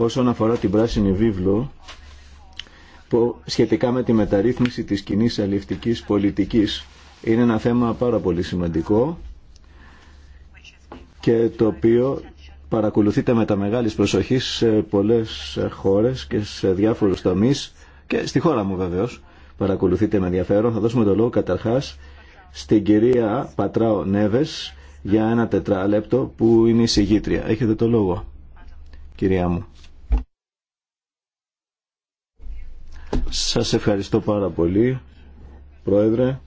όσον αφορά την πράσινη βίβλο που σχετικά με τη μεταρρύθμιση της κοινή αλληλευτικής πολιτικής. Είναι ένα θέμα πάρα πολύ σημαντικό και το οποίο παρακολουθείται με τα μεγάλης προσοχής σε πολλές χώρες και σε διάφορους τομείς και στη χώρα μου βεβαίως παρακολουθείται με ενδιαφέρον. Θα δώσουμε το λόγο καταρχάς στην κυρία Πατράο Νέβες για ένα τετράλεπτο που είναι η συγγήτρια. Έχετε το λόγο, κυρία μου. Σας ευχαριστώ πάρα πολύ, Πρόεδρε,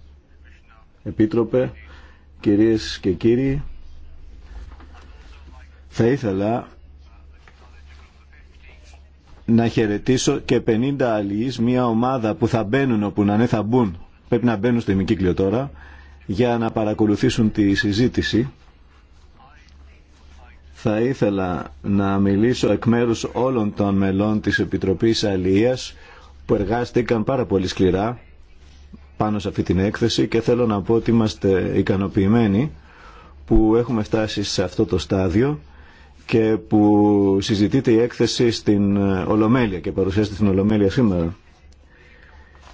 Επίτροπε, κυρίες και κύριοι. Θα ήθελα να χαιρετήσω και 50 αλληλείς, μια ομάδα που θα μπαίνουν όπου να ναι θα μπουν, πρέπει να μπαίνουν στο ημικύκλιο τώρα, για να παρακολουθήσουν τη συζήτηση. Θα ήθελα να μιλήσω εκ μέρους όλων των μελών της Επιτροπής Αλληλείας που εργάστηκαν πάρα πολύ σκληρά πάνω σε αυτή την έκθεση και θέλω να πω ότι είμαστε ικανοποιημένοι που έχουμε φτάσει σε αυτό το στάδιο και που συζητείται η έκθεση στην Ολομέλεια και παρουσιάζεται στην Ολομέλεια σήμερα.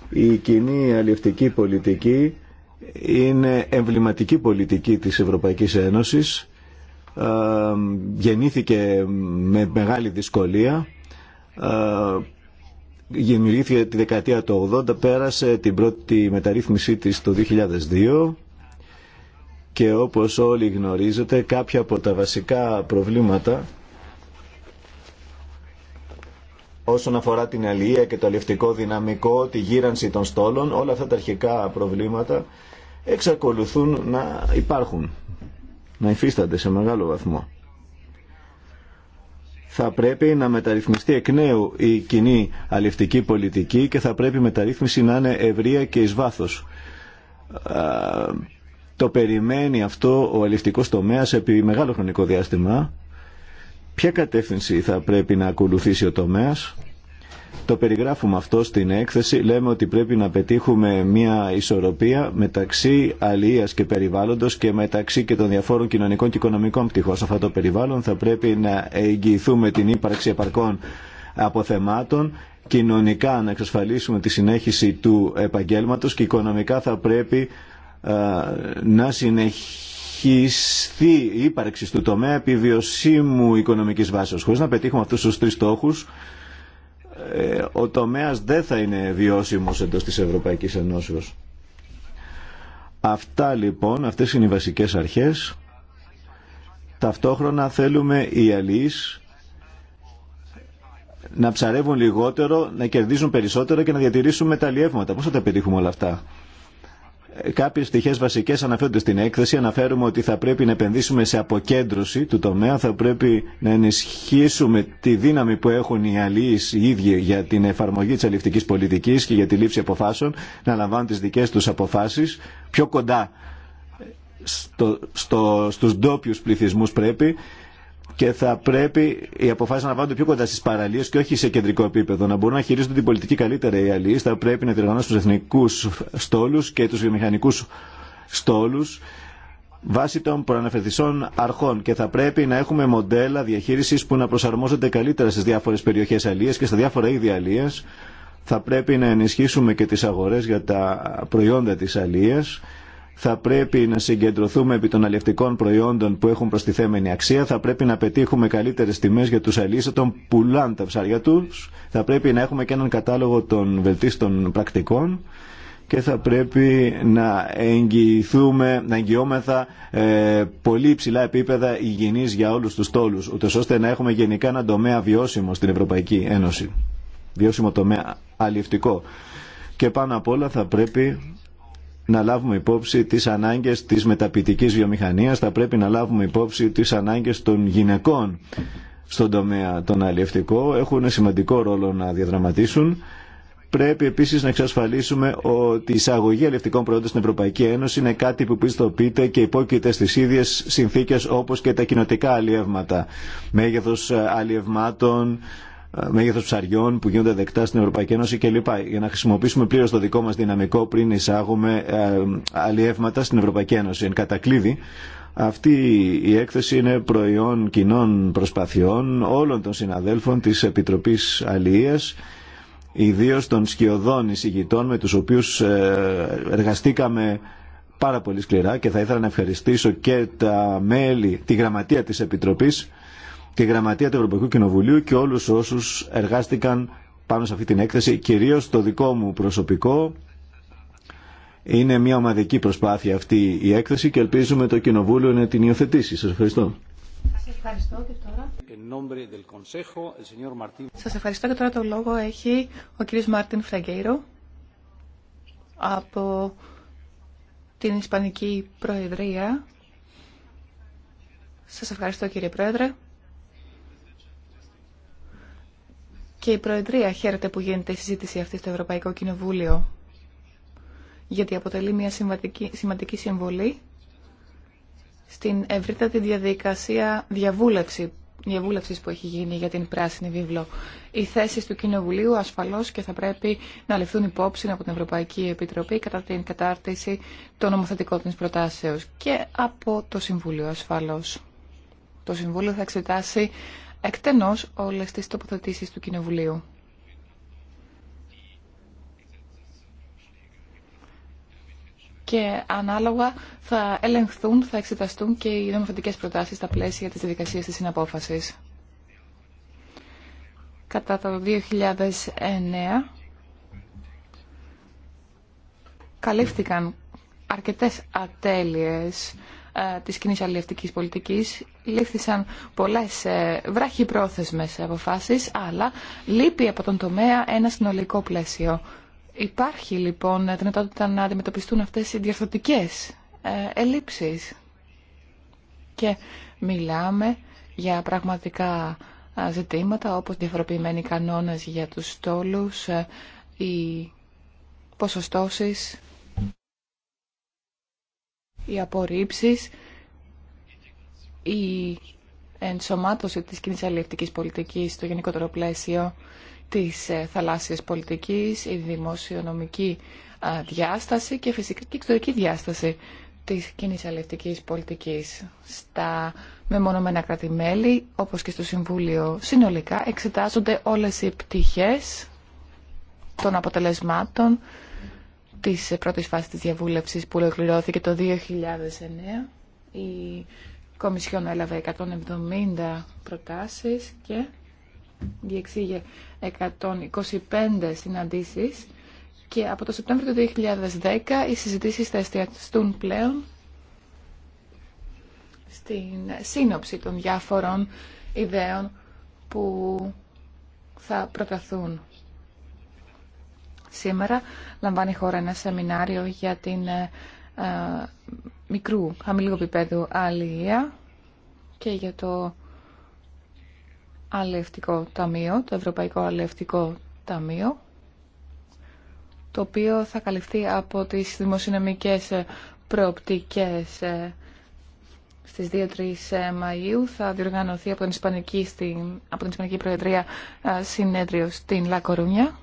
Η κοινή αλληλευτική πολιτική είναι εμβληματική πολιτική της Ευρωπαϊκής Ένωσης. Γεννήθηκε με μεγάλη δυσκολία Γεννηθήκε τη δεκαετία του 80, πέρασε την πρώτη μεταρρύθμισή της το 2002 και όπως όλοι γνωρίζετε κάποια από τα βασικά προβλήματα όσον αφορά την αλληλεία και το αλληλευτικό δυναμικό, τη γύρανση των στόλων, όλα αυτά τα αρχικά προβλήματα εξακολουθούν να υπάρχουν, να υφίστανται σε μεγάλο βαθμό θα πρέπει να μεταρρυθμιστεί εκ νέου η κοινή αληφτική πολιτική και θα πρέπει η μεταρρύθμιση να είναι ευρεία και εις βάθος. Το περιμένει αυτό ο αληφτικός τομέας επί μεγάλο χρονικό διάστημα. Ποια κατεύθυνση θα πρέπει να ακολουθήσει ο τομέας το περιγράφουμε αυτό στην έκθεση. Λέμε ότι πρέπει να πετύχουμε μια ισορροπία μεταξύ αλληλεία και περιβάλλοντο και μεταξύ και των διαφόρων κοινωνικών και οικονομικών πτυχών. Σε αυτό το περιβάλλον θα πρέπει να εγγυηθούμε την ύπαρξη επαρκών αποθεμάτων κοινωνικά να εξασφαλίσουμε τη συνέχιση του επαγγέλματος και οικονομικά θα πρέπει να συνεχιστεί η ύπαρξη του τομέα επιβιωσίμου οικονομικής βάσης. Χωρίς να πετύχουμε αυτούς τους τρεις στόχους ε, ο τομέας δεν θα είναι βιώσιμος εντός της Ευρωπαϊκής Ενώσεως. Αυτά λοιπόν, αυτές είναι οι βασικές αρχές. Ταυτόχρονα θέλουμε οι αλληλείς να ψαρεύουν λιγότερο, να κερδίζουν περισσότερο και να διατηρήσουν τα Πώς θα τα πετύχουμε όλα αυτά. Κάποιε στοιχείε βασικέ αναφέρονται στην έκθεση. Αναφέρουμε ότι θα πρέπει να επενδύσουμε σε αποκέντρωση του τομέα, θα πρέπει να ενισχύσουμε τη δύναμη που έχουν οι αλλοί οι ίδιοι για την εφαρμογή τη αλληλευτική πολιτική και για τη λήψη αποφάσεων, να λαμβάνουν τι δικέ του αποφάσει πιο κοντά στο, στους ντόπιου πληθυσμούς πρέπει και θα πρέπει οι αποφάσει να λαμβάνονται πιο κοντά στι παραλίε και όχι σε κεντρικό επίπεδο. Να μπορούν να χειρίζονται την πολιτική καλύτερα οι αλληλεί. Θα πρέπει να διοργανώσουν του εθνικού στόλου και του βιομηχανικού στόλου βάσει των προαναφερθισών αρχών και θα πρέπει να έχουμε μοντέλα διαχείριση που να προσαρμόζονται καλύτερα στις διάφορε περιοχέ αλίες και στα διάφορα είδη αλίας. Θα πρέπει να ενισχύσουμε και τι αγορέ για τα προϊόντα τη αλίας θα πρέπει να συγκεντρωθούμε επί των αλληλευτικών προϊόντων που έχουν προστιθέμενη αξία, θα πρέπει να πετύχουμε καλύτερε τιμέ για του αλληλεί όταν πουλάνε τα ψάρια του, θα πρέπει να έχουμε και έναν κατάλογο των βελτίστων πρακτικών και θα πρέπει να εγγυηθούμε, να εγγυόμεθα ε, πολύ υψηλά επίπεδα υγιεινής για όλους τους τόλους, ούτως ώστε να έχουμε γενικά έναν τομέα βιώσιμο στην Ευρωπαϊκή Ένωση. Βιώσιμο τομέα αλληλευτικό. Και πάνω απ' όλα θα πρέπει να λάβουμε υπόψη τις ανάγκες της μεταπητικής βιομηχανίας, θα πρέπει να λάβουμε υπόψη τις ανάγκες των γυναικών στον τομέα τον αλλιευτικών. έχουν σημαντικό ρόλο να διαδραματίσουν. Πρέπει επίσης να εξασφαλίσουμε ότι η εισαγωγή αλλιευτικών προϊόντων στην Ευρωπαϊκή Ένωση είναι κάτι που πιστοποιείται και υπόκειται στις ίδιες συνθήκες όπως και τα κοινοτικά αλλιεύματα. Μέγεθος αλλιευμάτων, μέγεθο ψαριών που γίνονται δεκτά στην Ευρωπαϊκή Ένωση κλπ. Για να χρησιμοποιήσουμε πλήρω το δικό μα δυναμικό πριν εισάγουμε ε, αλλιεύματα στην Ευρωπαϊκή Ένωση. Εν κατακλείδη, αυτή η έκθεση είναι προϊόν κοινών προσπαθειών όλων των συναδέλφων τη Επιτροπή Αλληλεία ιδίως των σκιωδών εισηγητών με τους οποίους ε, εργαστήκαμε πάρα πολύ σκληρά και θα ήθελα να ευχαριστήσω και τα μέλη, τη γραμματεία της Επιτροπής τη Γραμματεία του Ευρωπαϊκού Κοινοβουλίου και όλους όσους εργάστηκαν πάνω σε αυτή την έκθεση, κυρίως το δικό μου προσωπικό. Είναι μια ομαδική προσπάθεια αυτή η έκθεση και ελπίζουμε το Κοινοβούλιο να την υιοθετήσει. Σας ευχαριστώ. Σας ευχαριστώ και τώρα. το λόγο έχει ο κύριος Μάρτιν Φραγκέιρο από την Ισπανική Προεδρία. Σας ευχαριστώ κύριε Πρόεδρε. Και η Προεδρία χαίρεται που γίνεται η συζήτηση αυτή στο Ευρωπαϊκό Κοινοβούλιο, γιατί αποτελεί μια σημαντική, σημαντική συμβολή στην ευρύτατη διαδικασία διαβούλευση, διαβούλευσης που έχει γίνει για την Πράσινη Βίβλο. Οι θέσεις του Κοινοβουλίου ασφαλώς και θα πρέπει να ληφθούν υπόψη από την Ευρωπαϊκή Επιτροπή κατά την κατάρτιση των νομοθετικών της προτάσεως και από το Συμβούλιο ασφαλώς. Το Συμβούλιο θα εξετάσει εκτενώς όλες τις τοποθετήσεις του Κοινοβουλίου. Και ανάλογα θα ελεγχθούν, θα εξεταστούν και οι νομοθετικές προτάσεις στα πλαίσια της διαδικασίας της συναπόφασης. Κατά το 2009 καλύφθηκαν αρκετές ατέλειες ε, Τη κοινή αλληλευτική πολιτικής λήφθησαν πολλές ε, βραχυπρόθεσμες αποφάσεις, αλλά λείπει από τον τομέα ένα συνολικό πλαίσιο. Υπάρχει λοιπόν δυνατότητα να αντιμετωπιστούν αυτέ οι διαρθρωτικές ε, ελλείψεις. Και μιλάμε για πραγματικά ζητήματα όπως διαφοροποιημένοι κανόνες για τους στόλους, οι ποσοστώσεις οι απορρίψεις, η ενσωμάτωση της κοινής αλληλευτικής πολιτικής στο γενικότερο πλαίσιο της ε, θαλάσσιας πολιτικής, η δημοσιονομική διάσταση και φυσικά και εξωτερική διάσταση της κοινής αλληλευτικής πολιτικής. Στα μεμονωμένα κράτη-μέλη, όπως και στο Συμβούλιο συνολικά, εξετάζονται όλες οι πτυχές των αποτελεσμάτων της πρώτης φάσης της διαβούλευσης που ολοκληρώθηκε το 2009. Η Κομισιόν έλαβε 170 προτάσεις και διεξήγε 125 συναντήσεις και από το Σεπτέμβριο του 2010 οι συζητήσεις θα εστιαστούν πλέον στην σύνοψη των διάφορων ιδέων που θα προταθούν. Σήμερα λαμβάνει η χώρα ένα σεμινάριο για την ε, ε, μικρού χαμηλού επίπεδου αλληλεία και για το αλληλευτικό ταμείο, το Ευρωπαϊκό Αλληλευτικό Ταμείο, το οποίο θα καλυφθεί από τις δημοσιονομικές ε, προοπτικές στις 2-3 Μαΐου θα διοργανωθεί από την Ισπανική, στην, από την Ισπανική Προεδρία συνέδριο στην Λακορούνια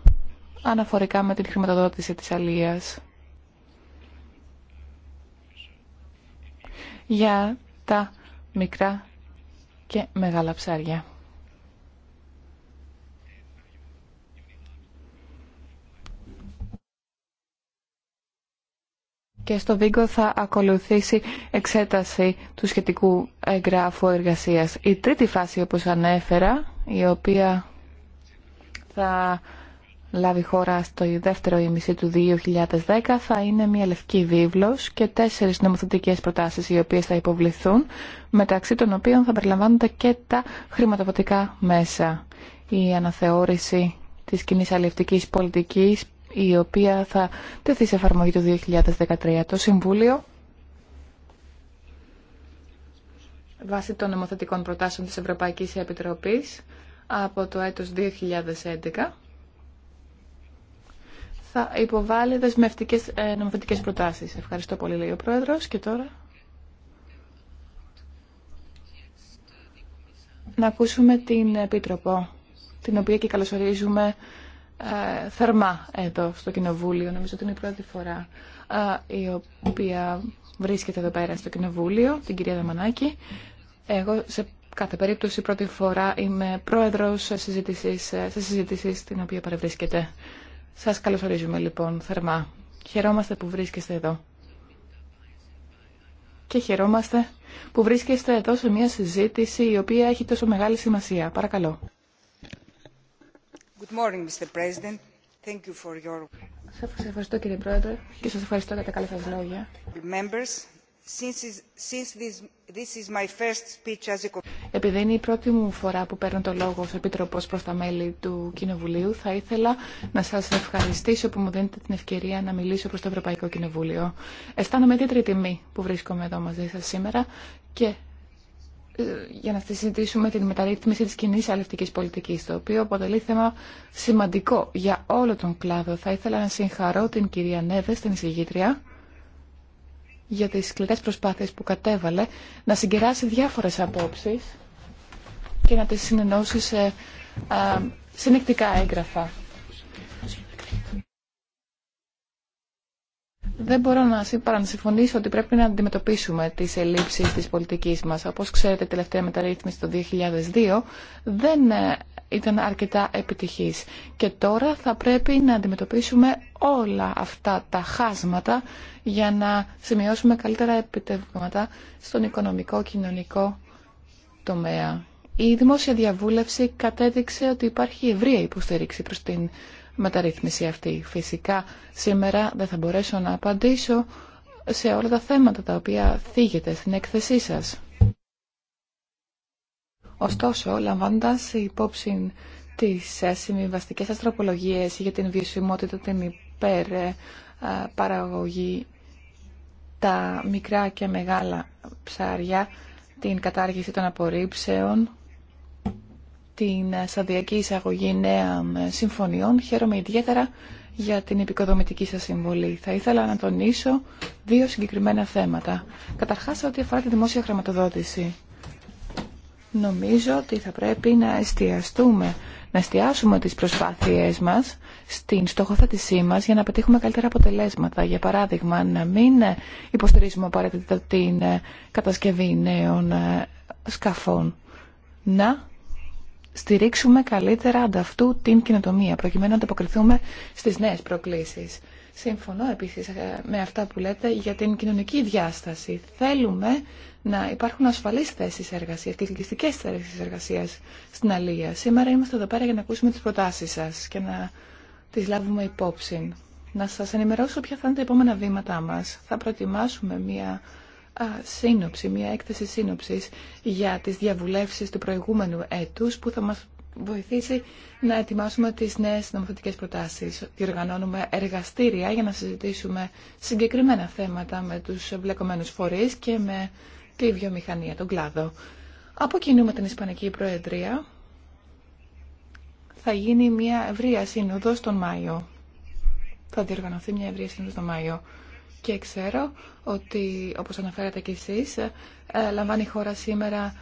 αναφορικά με την χρηματοδότηση της αλίας. για τα μικρά και μεγάλα ψάρια. Και στο Βίγκο θα ακολουθήσει εξέταση του σχετικού εγγράφου εργασίας. Η τρίτη φάση, όπως ανέφερα, η οποία θα λάβει χώρα στο δεύτερο ημισή του 2010 θα είναι μια λευκή βίβλος και τέσσερις νομοθετικές προτάσεις οι οποίες θα υποβληθούν μεταξύ των οποίων θα περιλαμβάνονται και τα χρηματοδοτικά μέσα. Η αναθεώρηση της κοινή αλληλευτικής πολιτικής η οποία θα τεθεί σε εφαρμογή το 2013. Το Συμβούλιο βάσει των νομοθετικών προτάσεων της Ευρωπαϊκής Επιτροπής από το έτος 2011 θα υποβάλει δεσμευτικέ ε, νομοθετικέ προτάσει. Ευχαριστώ πολύ, λέει ο Πρόεδρο. Και τώρα. Να ακούσουμε την Επίτροπο, την οποία και καλωσορίζουμε ε, θερμά εδώ στο Κοινοβούλιο. Νομίζω ότι είναι η πρώτη φορά ε, η οποία βρίσκεται εδώ πέρα στο Κοινοβούλιο, την κυρία Δαμανάκη. Εγώ σε κάθε περίπτωση πρώτη φορά είμαι πρόεδρος συζήτηση, σε συζήτηση στην οποία παρευρίσκεται. Σας καλωσορίζουμε λοιπόν θερμά. Χαιρόμαστε που βρίσκεστε εδώ. Και χαιρόμαστε που βρίσκεστε εδώ σε μια συζήτηση η οποία έχει τόσο μεγάλη σημασία. Παρακαλώ. Good morning, Mr. President. Thank you for your... Σας ευχαριστώ κύριε Πρόεδρε και σας ευχαριστώ για τα καλά σας λόγια. Επειδή είναι η πρώτη μου φορά που παίρνω το λόγο ως Επίτροπος προς τα μέλη του Κοινοβουλίου, θα ήθελα να σας ευχαριστήσω που μου δίνετε την ευκαιρία να μιλήσω προς το Ευρωπαϊκό Κοινοβούλιο. Αισθάνομαι ιδιαίτερη τιμή που βρίσκομαι εδώ μαζί σας σήμερα και ε, για να συζητήσουμε την μεταρρύθμιση της κοινή αλευτικής πολιτικής, το οποίο αποτελεί θέμα σημαντικό για όλο τον κλάδο. Θα ήθελα να συγχαρώ την κυρία Νέβε, την εισηγήτρια, για τις σκληρές προσπάθειες που κατέβαλε να συγκεράσει διάφορες απόψεις και να τις συνενώσει σε συνεκτικά έγγραφα. Δεν μπορώ να συμφωνήσω ότι πρέπει να αντιμετωπίσουμε τι ελλείψει της πολιτικής μας. όπω ξέρετε, η τελευταία μεταρρύθμιση το 2002 δεν ε, ήταν αρκετά επιτυχη. Και τώρα θα πρέπει να αντιμετωπίσουμε όλα αυτά τα χάσματα για να σημειώσουμε καλύτερα επιτεύγματα στον οικονομικό, κοινωνικό τομέα. Η δημόσια διαβούλευση κατέδειξε ότι υπάρχει ευρεία υποστήριξη προς την μεταρρύθμιση αυτή. Φυσικά σήμερα δεν θα μπορέσω να απαντήσω σε όλα τα θέματα τα οποία θίγετε στην έκθεσή σας. Ωστόσο, λαμβάνοντα υπόψη τις ε, συμβιβαστικές αστροπολογίες για την βιωσιμότητα, την υπερπαραγωγή, τα μικρά και μεγάλα ψάρια, την κατάργηση των απορρίψεων, την σταδιακή εισαγωγή νέων συμφωνιών. Χαίρομαι ιδιαίτερα για την επικοδομητική σας συμβολή. Θα ήθελα να τονίσω δύο συγκεκριμένα θέματα. Καταρχάς, ό,τι αφορά τη δημόσια χρηματοδότηση. Νομίζω ότι θα πρέπει να εστιαστούμε, να εστιάσουμε τις προσπάθειές μας στην στοχοθέτησή μας για να πετύχουμε καλύτερα αποτελέσματα. Για παράδειγμα, να μην υποστηρίζουμε απαραίτητα την κατασκευή νέων σκαφών. Να στηρίξουμε καλύτερα ανταυτού την κοινοτομία, προκειμένου να ανταποκριθούμε στι νέε προκλήσει. Συμφωνώ επίση ε, με αυτά που λέτε για την κοινωνική διάσταση. Θέλουμε να υπάρχουν ασφαλείς θέσεις εργασίας, κλικιστικές θέσει εργασία στην Αλία. Σήμερα είμαστε εδώ πέρα για να ακούσουμε τι προτάσει σα και να τι λάβουμε υπόψη. Να σα ενημερώσω ποια θα είναι τα επόμενα βήματά μα. Θα προετοιμάσουμε μια σύνοψη, μια έκθεση σύνοψης για τις διαβουλεύσεις του προηγούμενου έτους που θα μας βοηθήσει να ετοιμάσουμε τις νέες νομοθετικές προτάσεις. Διοργανώνουμε εργαστήρια για να συζητήσουμε συγκεκριμένα θέματα με τους εμπλεκομένου φορείς και με τη βιομηχανία, τον κλάδο. Από την Ισπανική Προεδρία θα γίνει μια ευρεία σύνοδος τον Μάιο. Θα διοργανωθεί μια ευρεία σύνοδος τον Μάιο και ξέρω ότι, όπως αναφέρατε κι εσείς, ε, λαμβάνει η χώρα σήμερα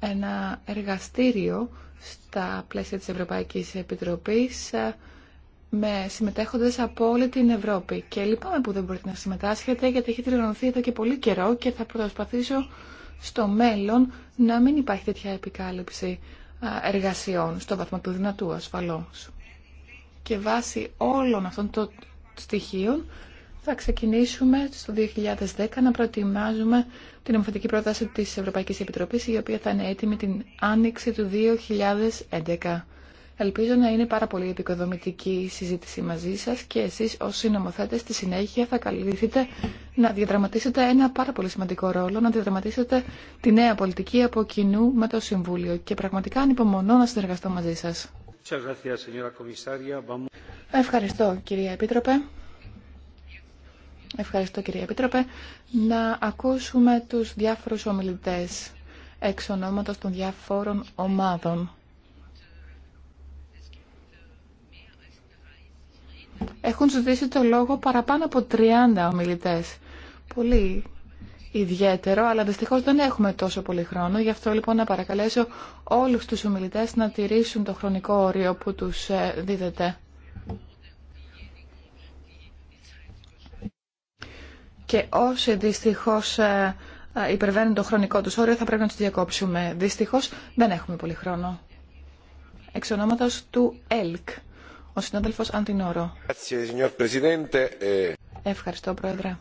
ένα εργαστήριο στα πλαίσια της Ευρωπαϊκής Επιτροπής ε, με συμμετέχοντες από όλη την Ευρώπη. Και λυπάμαι που δεν μπορείτε να συμμετάσχετε γιατί έχει τριγωνωθεί εδώ και πολύ καιρό και θα προσπαθήσω στο μέλλον να μην υπάρχει τέτοια επικάλυψη ε, εργασιών στο βαθμό του δυνατού ασφαλώς. Και βάσει όλων αυτών των στοιχείων θα ξεκινήσουμε στο 2010 να προετοιμάζουμε την νομοθετική πρόταση της Ευρωπαϊκής Επιτροπής, η οποία θα είναι έτοιμη την άνοιξη του 2011. Ελπίζω να είναι πάρα πολύ επικοδομητική η συζήτηση μαζί σας και εσείς ως συνομοθέτες στη συνέχεια θα καλυφθείτε να διαδραματίσετε ένα πάρα πολύ σημαντικό ρόλο, να διαδραματίσετε τη νέα πολιτική από κοινού με το Συμβούλιο και πραγματικά ανυπομονώ να συνεργαστώ μαζί σας. Ευχαριστώ κυρία Επίτροπε. Ευχαριστώ κύριε Επίτροπε. Να ακούσουμε τους διάφορους ομιλητές εξ ονόματος των διάφορων ομάδων. Έχουν ζητήσει το λόγο παραπάνω από 30 ομιλητές. Πολύ ιδιαίτερο, αλλά δυστυχώς δεν έχουμε τόσο πολύ χρόνο. Γι' αυτό λοιπόν να παρακαλέσω όλους τους ομιλητές να τηρήσουν το χρονικό όριο που τους ε, δίδεται. και όσοι δυστυχώς ε, ε, υπερβαίνουν το χρονικό τους όριο θα πρέπει να τους διακόψουμε. Δυστυχώς δεν έχουμε πολύ χρόνο. Εξ του ΕΛΚ, ο συνάδελφος Αντινόρο. Ε, Ευχαριστώ, Πρόεδρε.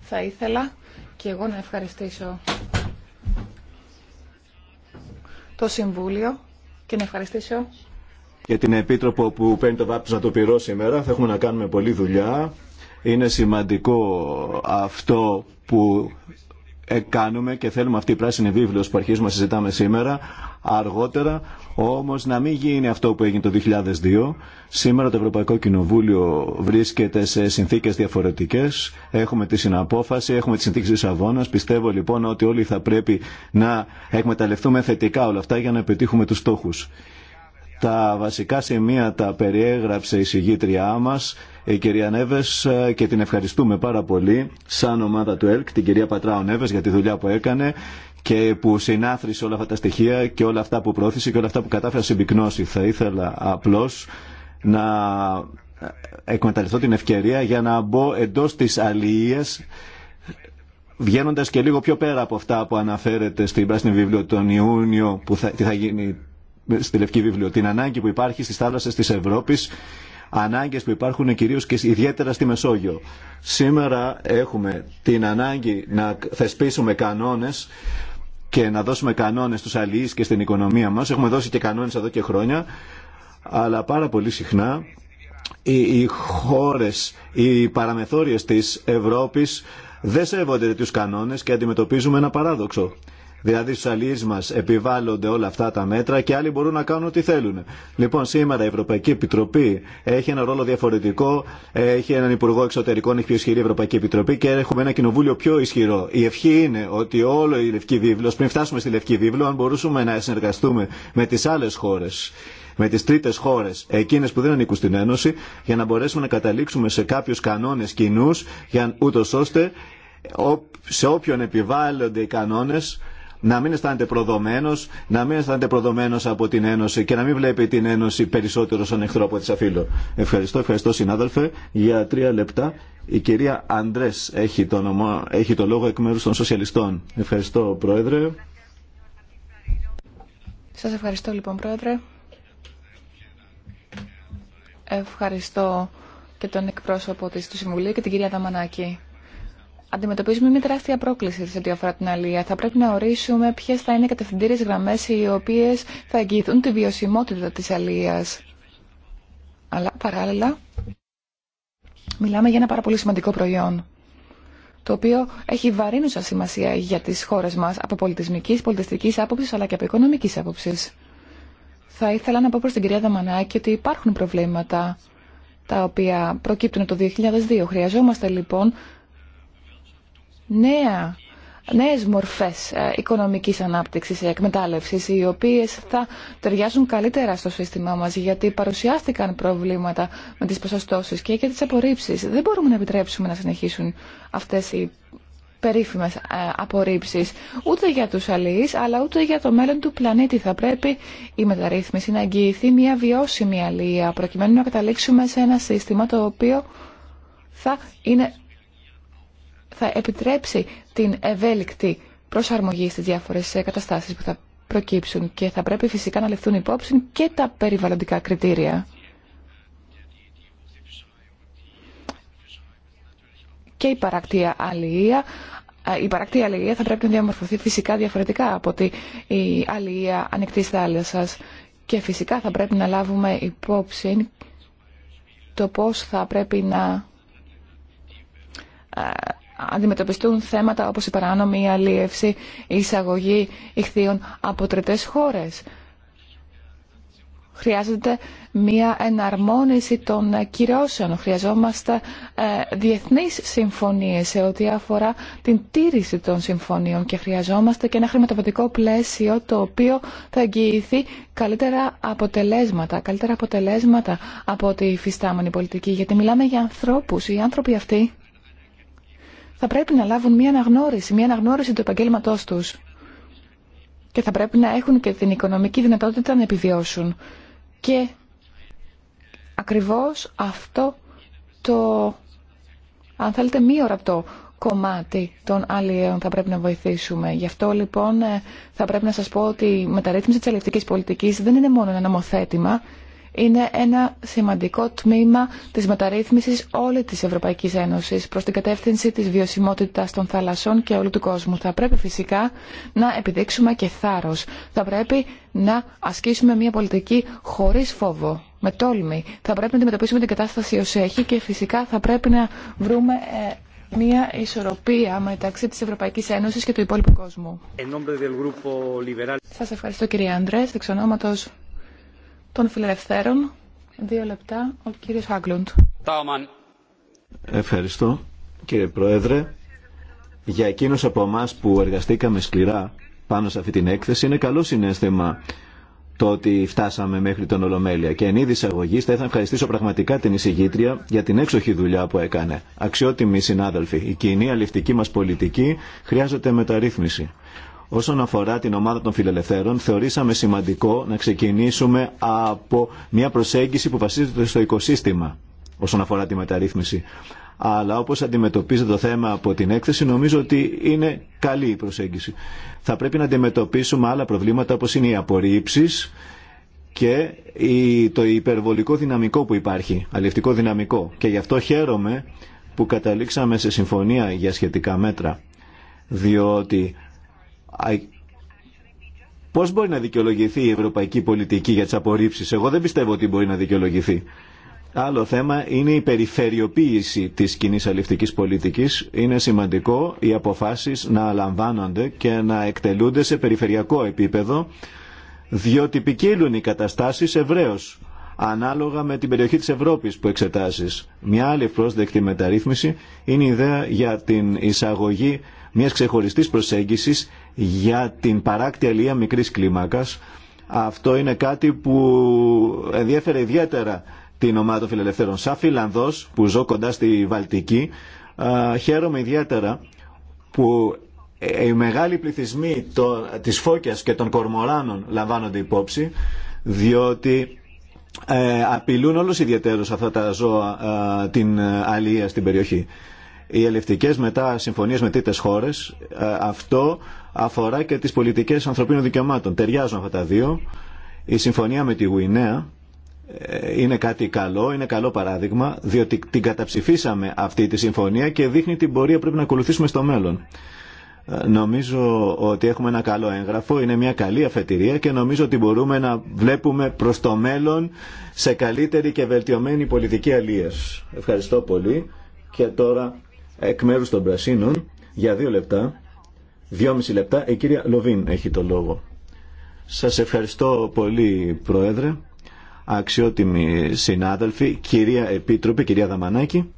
Θα ήθελα και εγώ να ευχαριστήσω το Συμβούλιο και να ευχαριστήσω για την Επίτροπο που παίρνει το βάπτισμα το πυρό σήμερα. Θα έχουμε να κάνουμε πολλή δουλειά. Είναι σημαντικό αυτό που ε, κάνουμε και θέλουμε αυτή η πράσινη βίβλος που αρχίζουμε να συζητάμε σήμερα αργότερα, όμως να μην γίνει αυτό που έγινε το 2002. Σήμερα το Ευρωπαϊκό Κοινοβούλιο βρίσκεται σε συνθήκες διαφορετικές. Έχουμε τη συναπόφαση, έχουμε τις συνθήκες της αγώνας Πιστεύω λοιπόν ότι όλοι θα πρέπει να εκμεταλλευτούμε θετικά όλα αυτά για να πετύχουμε τους στόχους. Τα βασικά σημεία τα περιέγραψε η συγγήτριά μας, η κυρία Νέβες ε, και την ευχαριστούμε πάρα πολύ σαν ομάδα του ΕΛΚ, την κυρία Πατράου Νέβες για τη δουλειά που έκανε και που συνάθρισε όλα αυτά τα στοιχεία και όλα αυτά που πρόθεσε και όλα αυτά που κατάφερα συμπυκνώσει. Θα ήθελα απλώς να εκμεταλλευτώ την ευκαιρία για να μπω εντός της αλληλείας βγαίνοντας και λίγο πιο πέρα από αυτά που αναφέρεται στην Πράσινη Βιβλίο τον Ιούνιο που θα, τι θα γίνει στη Λευκή Βίβλιο, την ανάγκη που υπάρχει στις θάλασσε τη Ευρώπης, ανάγκες που υπάρχουν κυρίω και ιδιαίτερα στη Μεσόγειο. Σήμερα έχουμε την ανάγκη να θεσπίσουμε κανόνες και να δώσουμε κανόνες στους αλληλεί και στην οικονομία μας. Έχουμε δώσει και κανόνες εδώ και χρόνια, αλλά πάρα πολύ συχνά οι, χώρες, οι παραμεθόριες της Ευρώπης δεν σέβονται τους κανόνες και αντιμετωπίζουμε ένα παράδοξο. Δηλαδή στου αλληλεί μα επιβάλλονται όλα αυτά τα μέτρα και άλλοι μπορούν να κάνουν ό,τι θέλουν. Λοιπόν, σήμερα η Ευρωπαϊκή Επιτροπή έχει ένα ρόλο διαφορετικό. Έχει έναν Υπουργό Εξωτερικών, έχει πιο ισχυρή Ευρωπαϊκή Επιτροπή και έχουμε ένα κοινοβούλιο πιο ισχυρό. Η ευχή είναι ότι όλο η Λευκή Βίβλο, πριν φτάσουμε στη Λευκή Βίβλο, αν μπορούσαμε να συνεργαστούμε με τι άλλε χώρε με τις τρίτες χώρες, εκείνες που δεν ανήκουν στην Ένωση, για να μπορέσουμε να καταλήξουμε σε κάποιους κανόνες κοινούς, για ώστε σε όποιον επιβάλλονται οι κανόνες να μην αισθάνεται προδομένο, να μην αισθάνεται προδομένο από την Ένωση και να μην βλέπει την Ένωση περισσότερο σαν εχθρό από τη Σαφίλο. Ευχαριστώ, ευχαριστώ συνάδελφε. Για τρία λεπτά η κυρία Αντρέ έχει, το έχει το λόγο εκ μέρου των Σοσιαλιστών. Ευχαριστώ, Πρόεδρε. Σα ευχαριστώ, λοιπόν, Πρόεδρε. Ευχαριστώ και τον εκπρόσωπο της του Συμβουλίου και την κυρία Δαμανάκη. Αντιμετωπίζουμε μια τεράστια πρόκληση σε ό,τι αφορά την αλληλεία. Θα πρέπει να ορίσουμε ποιε θα είναι οι κατευθυντήριε γραμμέ οι οποίε θα εγγυηθούν τη βιωσιμότητα τη αλληλεία. Αλλά παράλληλα, μιλάμε για ένα πάρα πολύ σημαντικό προϊόν το οποίο έχει βαρύνουσα σημασία για τις χώρες μας από πολιτισμικής, πολιτιστικής άποψης αλλά και από οικονομικής άποψης. Θα ήθελα να πω προς την κυρία Δαμανάκη ότι υπάρχουν προβλήματα τα οποία προκύπτουν το 2002. Χρειαζόμαστε λοιπόν νέα νέες μορφές ε, οικονομικής ανάπτυξης, εκμετάλλευσης, οι οποίες θα ταιριάζουν καλύτερα στο σύστημά μας, γιατί παρουσιάστηκαν προβλήματα με τις ποσοστώσεις και για τις απορρίψεις. Δεν μπορούμε να επιτρέψουμε να συνεχίσουν αυτές οι περίφημες ε, απορρίψεις, ούτε για τους αλληλείς, αλλά ούτε για το μέλλον του πλανήτη. Θα πρέπει η μεταρρύθμιση να εγγυηθεί μια βιώσιμη αλληλεία, προκειμένου να καταλήξουμε σε ένα σύστημα το οποίο θα είναι θα επιτρέψει την ευέλικτη προσαρμογή στις διάφορες ε, καταστάσεις που θα προκύψουν και θα πρέπει φυσικά να λεφθούν υπόψη και τα περιβαλλοντικά κριτήρια. Και η παρακτία αλληλεία, ε, η παρακτή αλληλεία θα πρέπει να διαμορφωθεί φυσικά διαφορετικά από τη η αλληλεία ανοιχτή θάλασσα. και φυσικά θα πρέπει να λάβουμε υπόψη το πώς θα πρέπει να ε, αντιμετωπιστούν θέματα όπως η παράνομη αλίευση, η εισαγωγή ηχθείων από τρετές χώρες. Χρειάζεται μία εναρμόνιση των κυρώσεων. Χρειαζόμαστε ε, διεθνείς συμφωνίες σε ό,τι αφορά την τήρηση των συμφωνίων και χρειαζόμαστε και ένα χρηματοδοτικό πλαίσιο το οποίο θα εγγυηθεί καλύτερα αποτελέσματα, καλύτερα αποτελέσματα από τη φυστάμενη πολιτική. Γιατί μιλάμε για ανθρώπους. Οι άνθρωποι αυτοί θα πρέπει να λάβουν μια αναγνώριση, μια αναγνώριση του επαγγέλματό του. Και θα πρέπει να έχουν και την οικονομική δυνατότητα να επιβιώσουν. Και ακριβώς αυτό το, αν θέλετε, μη ορατό κομμάτι των άλλων θα πρέπει να βοηθήσουμε. Γι' αυτό λοιπόν ε, θα πρέπει να σας πω ότι η μεταρρύθμιση της αλληλευτικής πολιτικής δεν είναι μόνο ένα νομοθέτημα, είναι ένα σημαντικό τμήμα της μεταρρύθμισης όλη της Ευρωπαϊκής Ένωσης προς την κατεύθυνση της βιωσιμότητας των θαλασσών και όλου του κόσμου. Θα πρέπει φυσικά να επιδείξουμε και θάρρος. Θα πρέπει να ασκήσουμε μια πολιτική χωρίς φόβο, με τόλμη. Θα πρέπει να αντιμετωπίσουμε την κατάσταση ως έχει και φυσικά θα πρέπει να βρούμε ε, μια ισορροπία μεταξύ της Ευρωπαϊκής Ένωσης και του υπόλοιπου κόσμου. Σας ευχαριστώ κύριε Άντρες, εξ των Φιλελευθέρων. Δύο λεπτά, ο κύριος Χάγκλοντ. Ευχαριστώ, κύριε Πρόεδρε. Για εκείνους από εμά που εργαστήκαμε σκληρά πάνω σε αυτή την έκθεση, είναι καλό συνέστημα το ότι φτάσαμε μέχρι τον Ολομέλεια. Και εν είδη εισαγωγή θα ήθελα να ευχαριστήσω πραγματικά την εισηγήτρια για την έξοχη δουλειά που έκανε. Αξιότιμοι συνάδελφοι, η κοινή αληφτική μα πολιτική χρειάζεται μεταρρύθμιση. Όσον αφορά την ομάδα των φιλελευθέρων, θεωρήσαμε σημαντικό να ξεκινήσουμε από μια προσέγγιση που βασίζεται στο οικοσύστημα όσον αφορά τη μεταρρύθμιση. Αλλά όπως αντιμετωπίζεται το θέμα από την έκθεση, νομίζω ότι είναι καλή η προσέγγιση. Θα πρέπει να αντιμετωπίσουμε άλλα προβλήματα όπως είναι οι απορρίψει και το υπερβολικό δυναμικό που υπάρχει, αλληλευτικό δυναμικό. Και γι' αυτό χαίρομαι που καταλήξαμε σε συμφωνία για σχετικά μέτρα, διότι Πώς μπορεί να δικαιολογηθεί η ευρωπαϊκή πολιτική για τις απορρίψεις. Εγώ δεν πιστεύω ότι μπορεί να δικαιολογηθεί. Άλλο θέμα είναι η περιφερειοποίηση της κοινή αληφτικής πολιτικής. Είναι σημαντικό οι αποφάσεις να λαμβάνονται και να εκτελούνται σε περιφερειακό επίπεδο, διότι ποικίλουν οι καταστάσεις ευρέως, ανάλογα με την περιοχή της Ευρώπης που εξετάσεις. Μια άλλη ευπρόσδεκτη μεταρρύθμιση είναι η ιδέα για την εισαγωγή μιας ξεχωριστής προσέγγισης για την παράκτη αλληλεία μικρής κλίμακας. Αυτό είναι κάτι που ενδιέφερε ιδιαίτερα την ομάδα των φιλελευθέρων. Σαν Φιλανδός που ζω κοντά στη Βαλτική, χαίρομαι ιδιαίτερα που οι μεγάλοι πληθυσμοί το, της φώκιας και των κορμοράνων λαμβάνονται υπόψη, διότι ε, απειλούν όλους ιδιαίτερους αυτά τα ζώα την ε, αλία στην περιοχή οι ελευτικέ μετά συμφωνίε με τρίτε χώρε ε, αυτό αφορά και τι πολιτικέ ανθρωπίνων δικαιωμάτων. Ταιριάζουν αυτά τα δύο. Η συμφωνία με τη Γουινέα ε, είναι κάτι καλό, είναι καλό παράδειγμα, διότι την καταψηφίσαμε αυτή τη συμφωνία και δείχνει την πορεία που πρέπει να ακολουθήσουμε στο μέλλον. Ε, νομίζω ότι έχουμε ένα καλό έγγραφο, είναι μια καλή αφετηρία και νομίζω ότι μπορούμε να βλέπουμε προς το μέλλον σε καλύτερη και βελτιωμένη πολιτική αλίας. Ευχαριστώ πολύ και τώρα εκ μέρους των Πρασίνων για δύο λεπτά, δυόμιση λεπτά, η κυρία Λοβίν έχει το λόγο. Σας ευχαριστώ πολύ Πρόεδρε, αξιότιμοι συνάδελφοι, κυρία Επίτροπη, κυρία Δαμανάκη.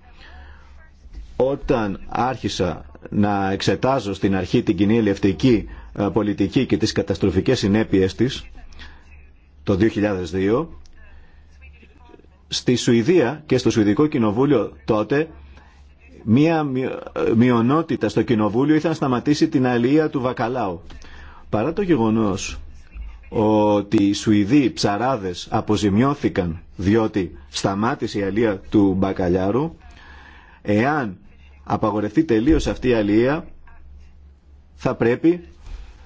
Όταν άρχισα να εξετάζω στην αρχή την κοινή ελευθερική ε, πολιτική και τις καταστροφικές συνέπειες της το 2002, στη Σουηδία και στο Σουηδικό Κοινοβούλιο τότε μία μειονότητα στο κοινοβούλιο ήθελε να σταματήσει την αλληλεία του βακαλάου. Παρά το γεγονός ότι οι Σουηδοί ψαράδες αποζημιώθηκαν διότι σταμάτησε η αλία του μπακαλιάρου, εάν απαγορευτεί τελείως αυτή η αλία, θα πρέπει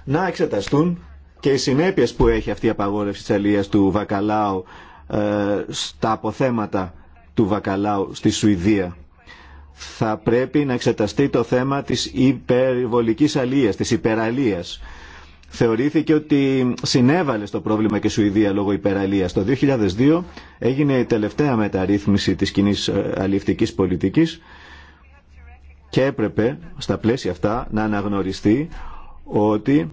να εξεταστούν και οι συνέπειες που έχει αυτή η απαγόρευση της αλίας του βακαλάου ε, στα αποθέματα του βακαλάου στη Σουηδία θα πρέπει να εξεταστεί το θέμα της υπερβολικής αλίας, της υπεραλίας. Θεωρήθηκε ότι συνέβαλε στο πρόβλημα και η Σουηδία λόγω υπεραλίας. Το 2002 έγινε η τελευταία μεταρρύθμιση της κοινή ε, αλληλευτικής πολιτικής και έπρεπε στα πλαίσια αυτά να αναγνωριστεί ότι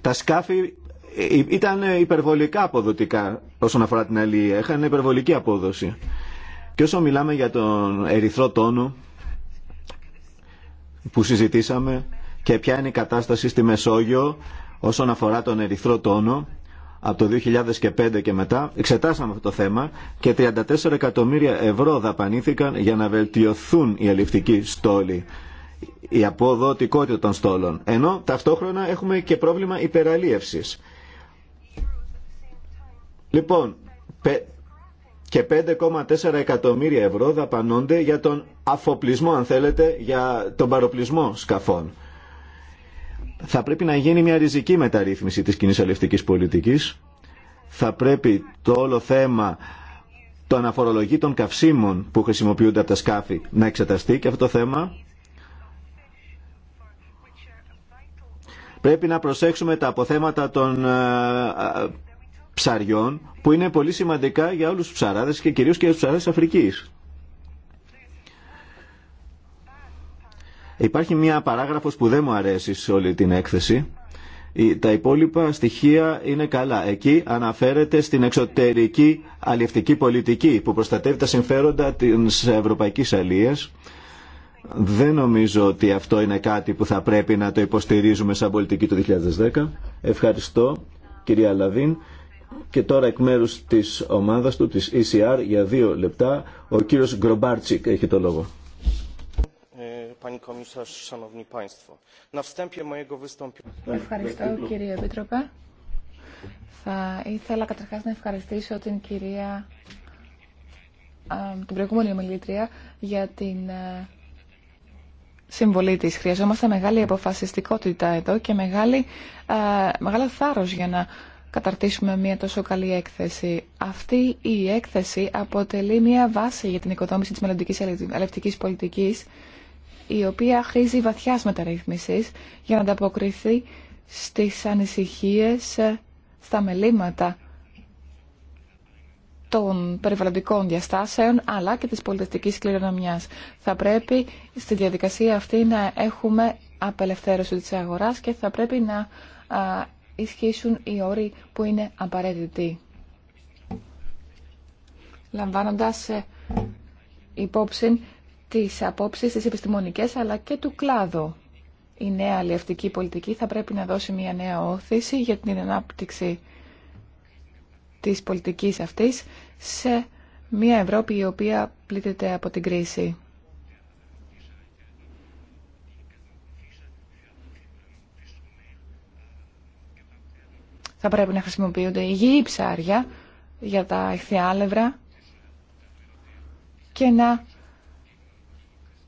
τα σκάφη ε, ήταν ε, υπερβολικά αποδοτικά όσον αφορά την αλληλεία. Είχαν υπερβολική απόδοση. Και όσο μιλάμε για τον ερυθρό τόνο που συζητήσαμε και ποια είναι η κατάσταση στη Μεσόγειο όσον αφορά τον ερυθρό τόνο από το 2005 και μετά εξετάσαμε αυτό το θέμα και 34 εκατομμύρια ευρώ δαπανήθηκαν για να βελτιωθούν οι αληφτικοί στόλοι η αποδοτικότητα των στόλων. Ενώ ταυτόχρονα έχουμε και πρόβλημα υπεραλίευσης. Λοιπόν, και 5,4 εκατομμύρια ευρώ δαπανώνται για τον αφοπλισμό, αν θέλετε, για τον παροπλισμό σκαφών. Θα πρέπει να γίνει μια ριζική μεταρρύθμιση της κοινής πολιτικής. Θα πρέπει το όλο θέμα των καυσίμων που χρησιμοποιούνται από τα σκάφη να εξεταστεί και αυτό το θέμα. Πρέπει να προσέξουμε τα αποθέματα των ε, ψαριών που είναι πολύ σημαντικά για όλους τους ψαράδες και κυρίως και για τους ψαράδες Αφρικής. Υπάρχει μια παράγραφος που δεν μου αρέσει σε όλη την έκθεση. Τα υπόλοιπα στοιχεία είναι καλά. Εκεί αναφέρεται στην εξωτερική αλληλευτική πολιτική που προστατεύει τα συμφέροντα της Ευρωπαϊκής Αλίας. Δεν νομίζω ότι αυτό είναι κάτι που θα πρέπει να το υποστηρίζουμε σαν πολιτική του 2010. Ευχαριστώ κυρία Λαβίν. Και τώρα εκ μέρου τη ομάδα του, τη ECR, για δύο λεπτά, ο κύριο Γκρομπάρτσικ έχει το λόγο. Ε, Ευχαριστώ κύριε Επίτροπε. Θα ήθελα καταρχά να ευχαριστήσω την κυρία, την προηγούμενη ομιλήτρια, για την ε, συμβολή της. Χρειαζόμαστε μεγάλη αποφασιστικότητα εδώ και μεγάλη, ε, μεγάλο θάρρος για να καταρτήσουμε μια τόσο καλή έκθεση. Αυτή η έκθεση αποτελεί μια βάση για την οικοδόμηση της μελλοντικής αλευτικής πολιτικής, η οποία χρήζει βαθιάς μεταρρύθμισης για να ανταποκριθεί στις ανησυχίες, ε, στα μελήματα των περιβαλλοντικών διαστάσεων αλλά και της πολιτιστικής κληρονομιάς. Θα πρέπει στη διαδικασία αυτή να έχουμε απελευθέρωση της αγοράς και θα πρέπει να ισχύσουν οι όροι που είναι απαραίτητοι. Λαμβάνοντας ε, υπόψη τις απόψεις τις επιστημονικές αλλά και του κλάδου. Η νέα αλληλευτική πολιτική θα πρέπει να δώσει μια νέα όθηση για την ανάπτυξη της πολιτικής αυτής σε μια Ευρώπη η οποία πλήττεται από την κρίση. Θα πρέπει να χρησιμοποιούνται υγιή ψάρια για τα ηχθιάλευρα και να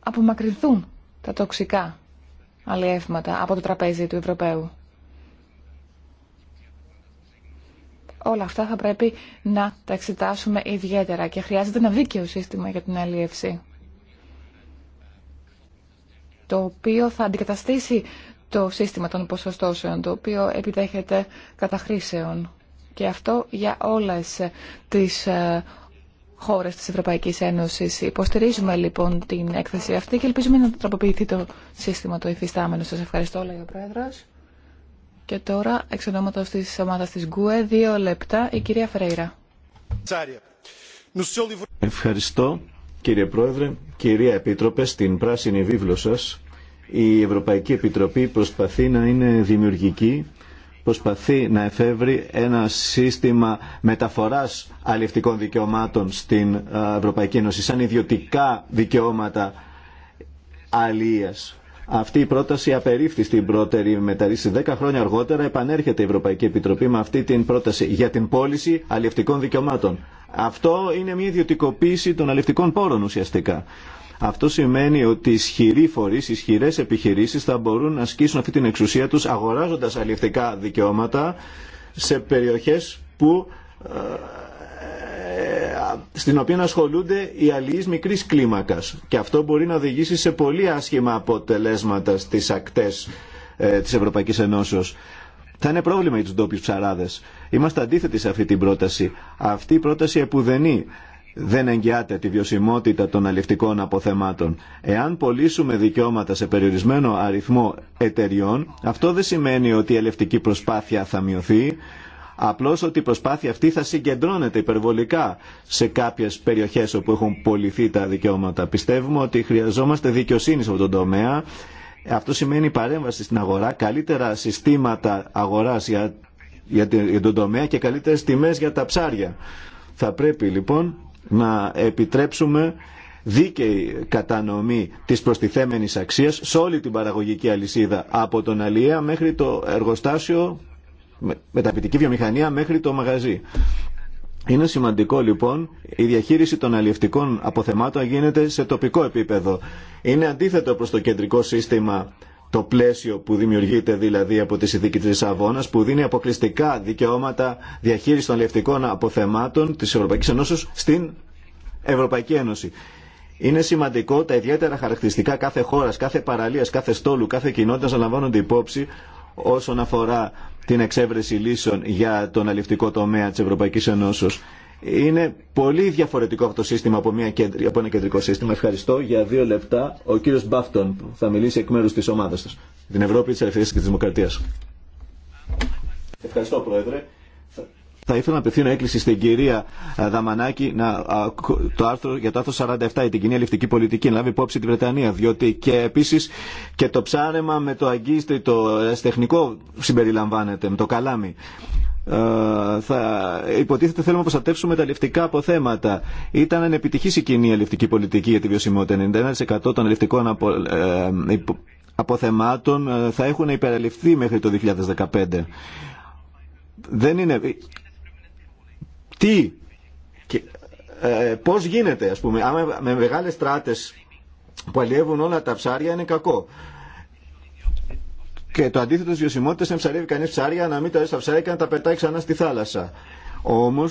απομακρυνθούν τα τοξικά αλλιεύματα από το τραπέζι του Ευρωπαίου. Όλα αυτά θα πρέπει να τα εξετάσουμε ιδιαίτερα και χρειάζεται ένα δίκαιο σύστημα για την αλλιεύση το οποίο θα αντικαταστήσει το σύστημα των ποσοστώσεων, το οποίο επιδέχεται καταχρήσεων. Και αυτό για όλες τις ε, χώρες της Ευρωπαϊκής Ένωσης. Υποστηρίζουμε λοιπόν την έκθεση αυτή και ελπίζουμε να τροποποιηθεί το σύστημα το υφιστάμενο. Σας ευχαριστώ, λέει ο Πρόεδρος. Και τώρα, εξ ονόματος της ομάδας της ΓΚΟΕ, δύο λεπτά, η κυρία Φρέιρα. Ευχαριστώ, κύριε Πρόεδρε. Κυρία Επίτροπε, στην πράσινη βίβλο σας η Ευρωπαϊκή Επιτροπή προσπαθεί να είναι δημιουργική, προσπαθεί να εφεύρει ένα σύστημα μεταφοράς αλληλευτικών δικαιωμάτων στην ε, Ευρωπαϊκή Ένωση, σαν ιδιωτικά δικαιώματα αλίας. Αυτή η πρόταση απερίφθη στην πρώτερη μεταρρύση. Δέκα χρόνια αργότερα επανέρχεται η Ευρωπαϊκή Επιτροπή με αυτή την πρόταση για την πώληση αλληλευτικών δικαιωμάτων. Αυτό είναι μια ιδιωτικοποίηση των αλληλευτικών πόρων ουσιαστικά. Αυτό σημαίνει ότι ισχυροί φορεί, ισχυρέ επιχειρήσει θα μπορούν να ασκήσουν αυτή την εξουσία του αγοράζοντα αλληλευτικά δικαιώματα σε περιοχέ που ε, στην οποία ασχολούνται οι αλληλείς μικρής κλίμακας και αυτό μπορεί να οδηγήσει σε πολύ άσχημα αποτελέσματα στις ακτές ε, της Ευρωπαϊκής Ενώσεως. Θα είναι πρόβλημα για τους ντόπιου ψαράδες. Είμαστε αντίθετοι σε αυτή την πρόταση. Αυτή η πρόταση επουδενή δεν εγγυάται τη βιωσιμότητα των αλληλευτικών αποθεμάτων. Εάν πωλήσουμε δικαιώματα σε περιορισμένο αριθμό εταιριών, αυτό δεν σημαίνει ότι η αλληλευτική προσπάθεια θα μειωθεί, απλώς ότι η προσπάθεια αυτή θα συγκεντρώνεται υπερβολικά σε κάποιες περιοχές όπου έχουν πωληθεί τα δικαιώματα. Πιστεύουμε ότι χρειαζόμαστε δικαιοσύνη σε αυτόν τον τομέα. Αυτό σημαίνει παρέμβαση στην αγορά, καλύτερα συστήματα αγοράς για, για τον τομέα και καλύτερες τιμές για τα ψάρια. Θα πρέπει λοιπόν να επιτρέψουμε δίκαιη κατανομή της προστιθέμενης αξίας σε όλη την παραγωγική αλυσίδα από τον αλία μέχρι το εργοστάσιο μεταπητική βιομηχανία μέχρι το μαγαζί. Είναι σημαντικό λοιπόν η διαχείριση των αλλιευτικών αποθεμάτων γίνεται σε τοπικό επίπεδο. Είναι αντίθετο προς το κεντρικό σύστημα το πλαίσιο που δημιουργείται δηλαδή από τη συνθήκη της Λισαβόνας που δίνει αποκλειστικά δικαιώματα διαχείριση των λευτικών αποθεμάτων της Ευρωπαϊκής Ενώσης στην Ευρωπαϊκή Ένωση. Είναι σημαντικό τα ιδιαίτερα χαρακτηριστικά κάθε χώρας, κάθε παραλίας, κάθε στόλου, κάθε κοινότητα να λαμβάνονται υπόψη όσον αφορά την εξέβρεση λύσεων για τον αληφτικό τομέα της Ευρωπαϊκής Ενώσης είναι πολύ διαφορετικό αυτό το σύστημα από, μια, από ένα κεντρικό σύστημα. Ευχαριστώ. Για δύο λεπτά ο κύριο Μπάφτον που θα μιλήσει εκ μέρου τη ομάδα του. Την Ευρώπη τη Ελευθερία και τη Δημοκρατία. Ευχαριστώ, Πρόεδρε. Θα ήθελα να απευθύνω έκκληση στην κυρία ε, Δαμανάκη να, το άρθρο, για το άρθρο 47 η την κοινή αλληλευτική πολιτική να λάβει υπόψη τη Βρετανία. Διότι και επίση και το ψάρεμα με το αγκίστρι, το ε, τεχνικό συμπεριλαμβάνεται, με το καλάμι. Ε, θα υποτίθεται θέλουμε να προστατεύσουμε τα ληφτικά αποθέματα. Ήταν ανεπιτυχή η κοινή ληφτική πολιτική για τη βιωσιμότητα. 91% των ληφτικών ε, αποθεμάτων ε, θα έχουν υπεραληφθεί μέχρι το 2015. Δεν είναι... Τι... πώς γίνεται, ας πούμε, άμα με μεγάλες στράτες που αλλιεύουν όλα τα ψάρια είναι κακό. Και το αντίθετο τη βιωσιμότητα είναι να ψαρεύει κανεί ψάρια, να μην τα αρέσει και να τα πετάει ξανά στη θάλασσα. Όμω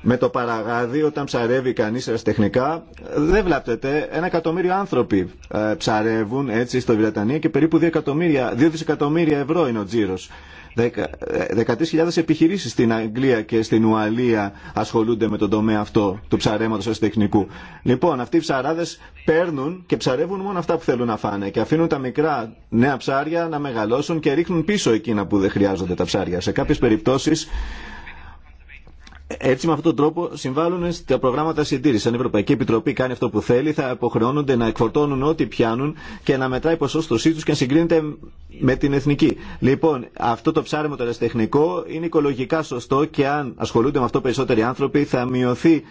με το παραγάδι όταν ψαρεύει κανείς τεχνικά, δεν βλάπτεται. Ένα εκατομμύριο άνθρωποι ε, ψαρεύουν έτσι στο Βρετανία και περίπου 2, δισεκατομμύρια ευρώ είναι ο τζίρος. 13.000 ε, επιχειρήσεις στην Αγγλία και στην Ουαλία ασχολούνται με τον τομέα αυτό του ψαρέματος ως τεχνικού. Λοιπόν, αυτοί οι ψαράδες παίρνουν και ψαρεύουν μόνο αυτά που θέλουν να φάνε και αφήνουν τα μικρά νέα ψάρια να μεγαλώσουν και ρίχνουν πίσω εκείνα που δεν χρειάζονται τα ψάρια. Σε κάποιες περιπτώσεις έτσι, με αυτόν τον τρόπο συμβάλλουν στα προγράμματα συντήρηση. Αν η Ευρωπαϊκή Επιτροπή κάνει αυτό που θέλει, θα υποχρεώνονται να εκφορτώνουν ό,τι πιάνουν και να μετράει ποσόστοσή του και να συγκρίνεται με την εθνική. Λοιπόν, αυτό το ψάρεμα το είναι οικολογικά σωστό και αν ασχολούνται με αυτό περισσότεροι άνθρωποι, θα μειωθεί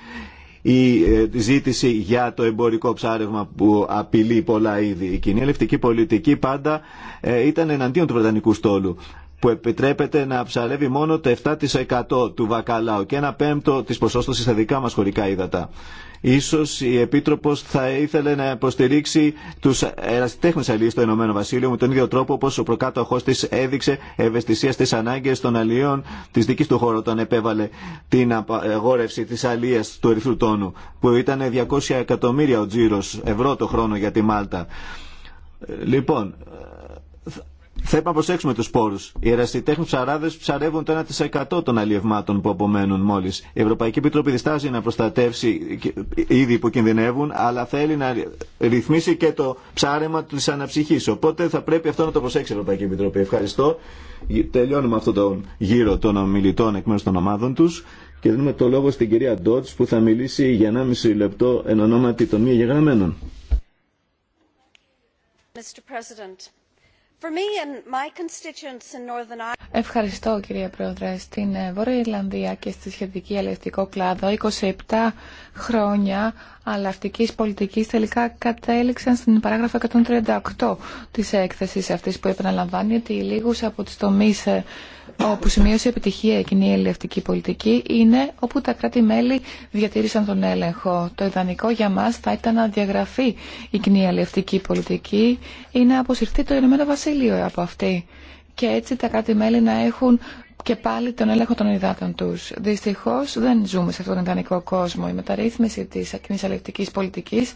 η ε, ζήτηση για το εμπορικό ψάρευμα που απειλεί πολλά είδη. Η κοινή ελευτική πολιτική πάντα ε, ήταν εναντίον του Βρετανικού στόλου που επιτρέπεται να ψαρεύει μόνο το 7% του βακαλάου και ένα πέμπτο της ποσόστοσης στα δικά μα χωρικά ύδατα. Ίσως η Επίτροπος θα ήθελε να υποστηρίξει τους ερασιτέχνες αλληλείς στο Ηνωμένο Βασίλειο με τον ίδιο τρόπο όπως ο προκάτοχός τη έδειξε ευαισθησία στις ανάγκες των αλληλείων της δικής του χώρου όταν επέβαλε την αγόρευση της αλληλείας του ερυθρού τόνου που ήταν 200 εκατομμύρια ο τζίρο ευρώ το χρόνο για τη Μάλτα. Λοιπόν, θα είπα να προσέξουμε του πόρου. Οι ερασιτέχνου ψαράδε ψαρεύουν το 1% των αλλιευμάτων που απομένουν μόλι. Η Ευρωπαϊκή Επιτροπή διστάζει να προστατεύσει ήδη που κινδυνεύουν, αλλά θέλει να ρυθμίσει και το ψάρεμα τη αναψυχή. Οπότε θα πρέπει αυτό να το προσέξει η Ευρωπαϊκή Επιτροπή. Ευχαριστώ. Τελειώνουμε αυτό τον γύρο των ομιλητών εκ μέρου των ομάδων του και δίνουμε το λόγο στην κυρία Ντότ που θα μιλήσει για 1,5 λεπτό εν ονόματι των μη εγγεγραμμένων. Ευχαριστώ κυρία Πρόεδρε. Στην ε, Βόρεια Ιρλανδία και στη σχετική αλληλευτικό κλάδο 27 χρόνια αλλαυτικής πολιτικής τελικά κατέληξαν στην παράγραφο 138 της έκθεσης αυτής που επαναλαμβάνει ότι λίγους από του τομεί ε, όπου σημείωσε επιτυχία η κοινή πολιτική είναι όπου τα κράτη-μέλη διατήρησαν τον έλεγχο. Το ιδανικό για μας θα ήταν να διαγραφεί η κοινή ελληνική πολιτική ή να αποσυρθεί το Ηνωμένο Βασίλειο από αυτή. Και έτσι τα κράτη-μέλη να έχουν και πάλι τον έλεγχο των υδάτων του. Δυστυχώ δεν ζούμε σε αυτόν τον ιδανικό κόσμο. Η μεταρρύθμιση τη κοινή αλληλευτικής πολιτική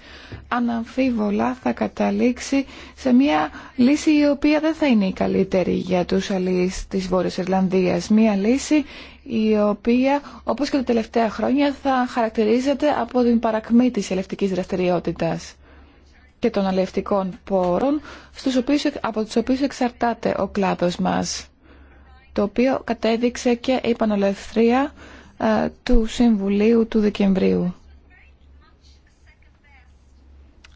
αναμφίβολα θα καταλήξει σε μια λύση η οποία δεν θα είναι η καλύτερη για του αλληλείς τη Βόρειας Ιρλανδία. Μια λύση η οποία όπω και τα τελευταία χρόνια θα χαρακτηρίζεται από την παρακμή τη ελευτικής δραστηριότητα και των αλληλευτικών πόρων από τους οποίους εξαρτάται ο κλάδος μας το οποίο κατέδειξε και η Πανολευθρία ε, του Συμβουλίου του Δεκεμβρίου.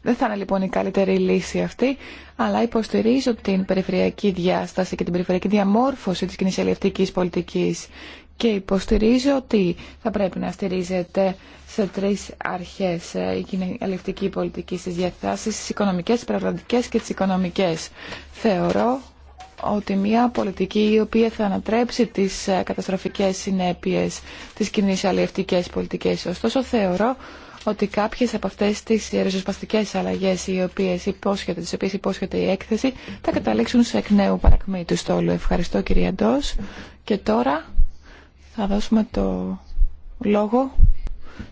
Δεν θα είναι λοιπόν η καλύτερη λύση αυτή, αλλά υποστηρίζω την περιφερειακή διάσταση και την περιφερειακή διαμόρφωση της κοινής πολιτικής και υποστηρίζω ότι θα πρέπει να στηρίζεται σε τρεις αρχές ε, η κοινή πολιτική στις διαθάσεις, στις οικονομικές, τις και τις οικονομικές. Θεωρώ ότι μια πολιτική η οποία θα ανατρέψει τις ε, καταστροφικές συνέπειες της κοινή αλλιευτικής πολιτικής. Ωστόσο θεωρώ ότι κάποιες από αυτές τις ριζοσπαστικές αλλαγές οι οποίες υπόσχεται, τις οποίες υπόσχεται η έκθεση θα καταλήξουν σε εκ νέου παρακμή του στόλου. Ευχαριστώ κυρία Ντός. Και τώρα θα δώσουμε το λόγο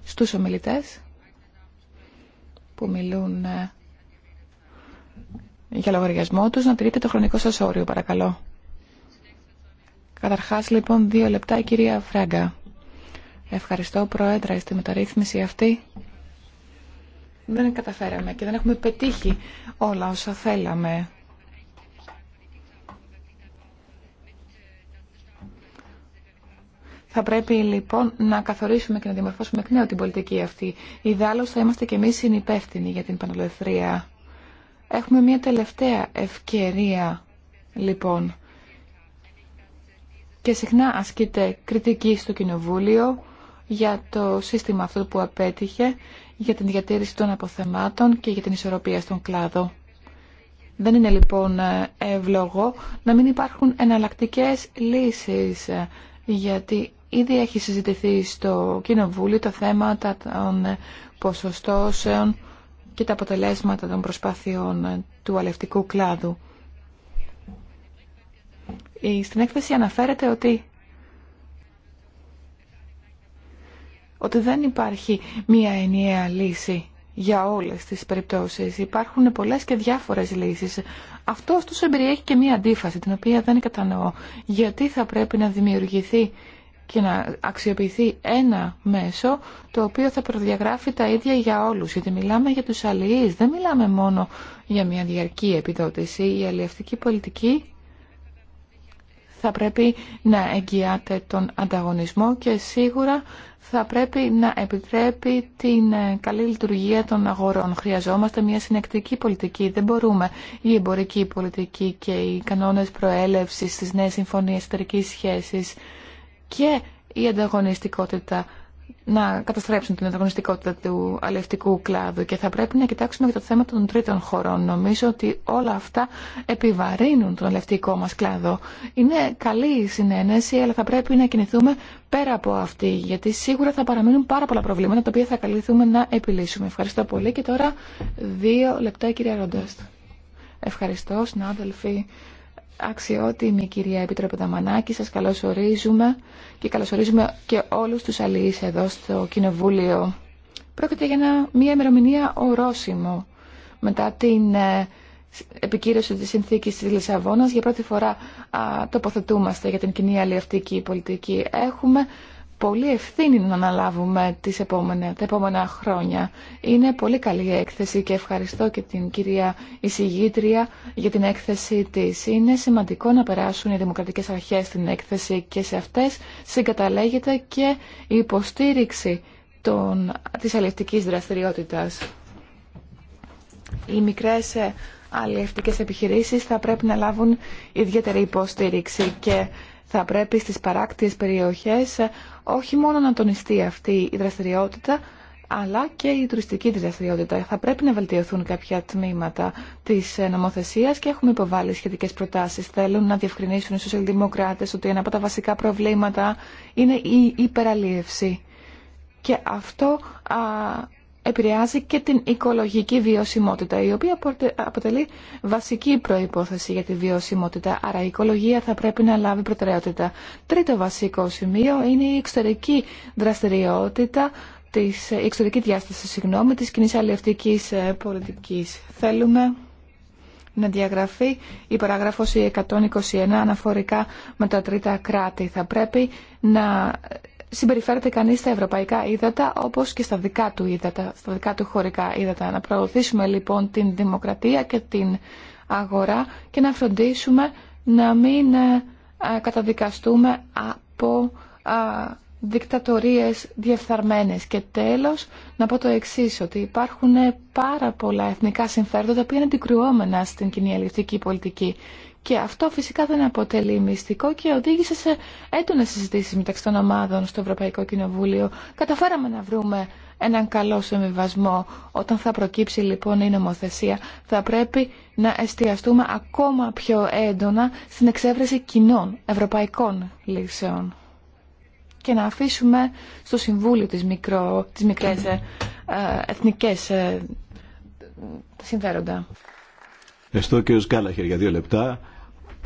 στους ομιλητές που μιλούν ε, για λογαριασμό τους να τηρείτε το χρονικό σας όριο, παρακαλώ. Καταρχάς, λοιπόν, δύο λεπτά η κυρία Φράγκα. Ευχαριστώ, Πρόεδρα, στη μεταρρύθμιση αυτή. Δεν καταφέραμε και δεν έχουμε πετύχει όλα όσα θέλαμε. Θα πρέπει λοιπόν να καθορίσουμε και να διαμορφώσουμε εκ νέου την πολιτική αυτή. Ιδάλλως θα είμαστε και εμείς συνυπεύθυνοι για την πανελευθερία Έχουμε μια τελευταία ευκαιρία, λοιπόν. Και συχνά ασκείται κριτική στο Κοινοβούλιο για το σύστημα αυτό που απέτυχε, για την διατήρηση των αποθεμάτων και για την ισορροπία στον κλάδο. Δεν είναι λοιπόν εύλογο να μην υπάρχουν εναλλακτικές λύσεις, γιατί ήδη έχει συζητηθεί στο Κοινοβούλιο το θέματα των ποσοστώσεων και τα αποτελέσματα των προσπάθειών ε, του αλευτικού κλάδου. Στην έκθεση αναφέρεται ότι ότι δεν υπάρχει μία ενιαία λύση για όλες τις περιπτώσεις. Υπάρχουν πολλές και διάφορες λύσεις. Αυτό ωστόσο περιέχει και μία αντίφαση, την οποία δεν κατανοώ. Γιατί θα πρέπει να δημιουργηθεί και να αξιοποιηθεί ένα μέσο το οποίο θα προδιαγράφει τα ίδια για όλους. Γιατί μιλάμε για τους αλληλείς, δεν μιλάμε μόνο για μια διαρκή επιδότηση. Η αλληλευτική πολιτική θα πρέπει να εγγυάται τον ανταγωνισμό και σίγουρα θα πρέπει να επιτρέπει την ε, καλή λειτουργία των αγορών. Χρειαζόμαστε μια συνεκτική πολιτική. Δεν μπορούμε η εμπορική πολιτική και οι κανόνες προέλευσης στις νέες συμφωνίες εταιρικής σχέσης και η ανταγωνιστικότητα να καταστρέψουν την ανταγωνιστικότητα του αλευτικού κλάδου και θα πρέπει να κοιτάξουμε και το θέμα των τρίτων χωρών. Νομίζω ότι όλα αυτά επιβαρύνουν τον αλευτικό μας κλάδο. Είναι καλή η συνένεση, αλλά θα πρέπει να κινηθούμε πέρα από αυτή, γιατί σίγουρα θα παραμείνουν πάρα πολλά προβλήματα τα οποία θα καλύθουμε να επιλύσουμε. Ευχαριστώ πολύ και τώρα δύο λεπτά κυρία Ροντέστ. Ευχαριστώ συνάδελφοι Αξιότιμη κυρία Επίτροπε Δαμανάκη, σας καλωσορίζουμε και καλωσορίζουμε και όλους τους αλληλείς εδώ στο Κοινοβούλιο. Πρόκειται για μια ημερομηνία ορόσημο. Μετά την ε, επικύρωση της συνθήκης της Λισαβόνας, για πρώτη φορά τοποθετούμαστε για την κοινή αλληλευτική πολιτική. Έχουμε πολύ ευθύνη να αναλάβουμε τις επόμενα, τα επόμενα χρόνια. Είναι πολύ καλή η έκθεση και ευχαριστώ και την κυρία εισηγήτρια για την έκθεση της. Είναι σημαντικό να περάσουν οι δημοκρατικές αρχές στην έκθεση και σε αυτές συγκαταλέγεται και η υποστήριξη των, της αλληλευτικής δραστηριότητας. Οι μικρές ε, αλληλευτικές επιχειρήσεις θα πρέπει να λάβουν ιδιαίτερη υποστήριξη και θα πρέπει στις παράκτιες περιοχές ε, όχι μόνο να τονιστεί αυτή η δραστηριότητα, αλλά και η τουριστική δραστηριότητα. Θα πρέπει να βελτιωθούν κάποια τμήματα της ε, νομοθεσίας και έχουμε υποβάλει σχετικές προτάσεις. Θέλουν να διευκρινίσουν οι σοσιαλδημοκράτες ότι ένα από τα βασικά προβλήματα είναι η υπεραλίευση. Και αυτό α, επηρεάζει και την οικολογική βιωσιμότητα, η οποία αποτελεί βασική προϋπόθεση για τη βιωσιμότητα. Άρα η οικολογία θα πρέπει να λάβει προτεραιότητα. Τρίτο βασικό σημείο είναι η εξωτερική δραστηριότητα, της, η εξωτερική διάσταση συγγνώμη, της κοινής αλληλευτικής ε, πολιτικής. Θέλουμε να διαγραφεί η παράγραφος 121 αναφορικά με τα τρίτα κράτη. Θα πρέπει να συμπεριφέρεται κανείς στα ευρωπαϊκά ύδατα όπως και στα δικά του ύδατα, στα δικά του χωρικά ύδατα. Να προωθήσουμε λοιπόν την δημοκρατία και την αγορά και να φροντίσουμε να μην ε, ε, καταδικαστούμε από ε, δικτατορίες διεφθαρμένες. Και τέλος, να πω το εξή ότι υπάρχουν πάρα πολλά εθνικά συμφέροντα που είναι αντικρουόμενα στην κοινή πολιτική και αυτό φυσικά δεν αποτελεί μυστικό και οδήγησε σε έντονε συζητήσει μεταξύ των ομάδων στο Ευρωπαϊκό Κοινοβούλιο. Καταφέραμε να βρούμε έναν καλό συμβιβασμό. Όταν θα προκύψει λοιπόν η νομοθεσία θα πρέπει να εστιαστούμε ακόμα πιο έντονα στην εξέβρεση κοινών ευρωπαϊκών λύσεων και να αφήσουμε στο Συμβούλιο τις, μικρο, τις μικρές ε, εθνικές ε, συμφέροντα. Ευχαριστώ Σκάλαχερ για δύο λεπτά.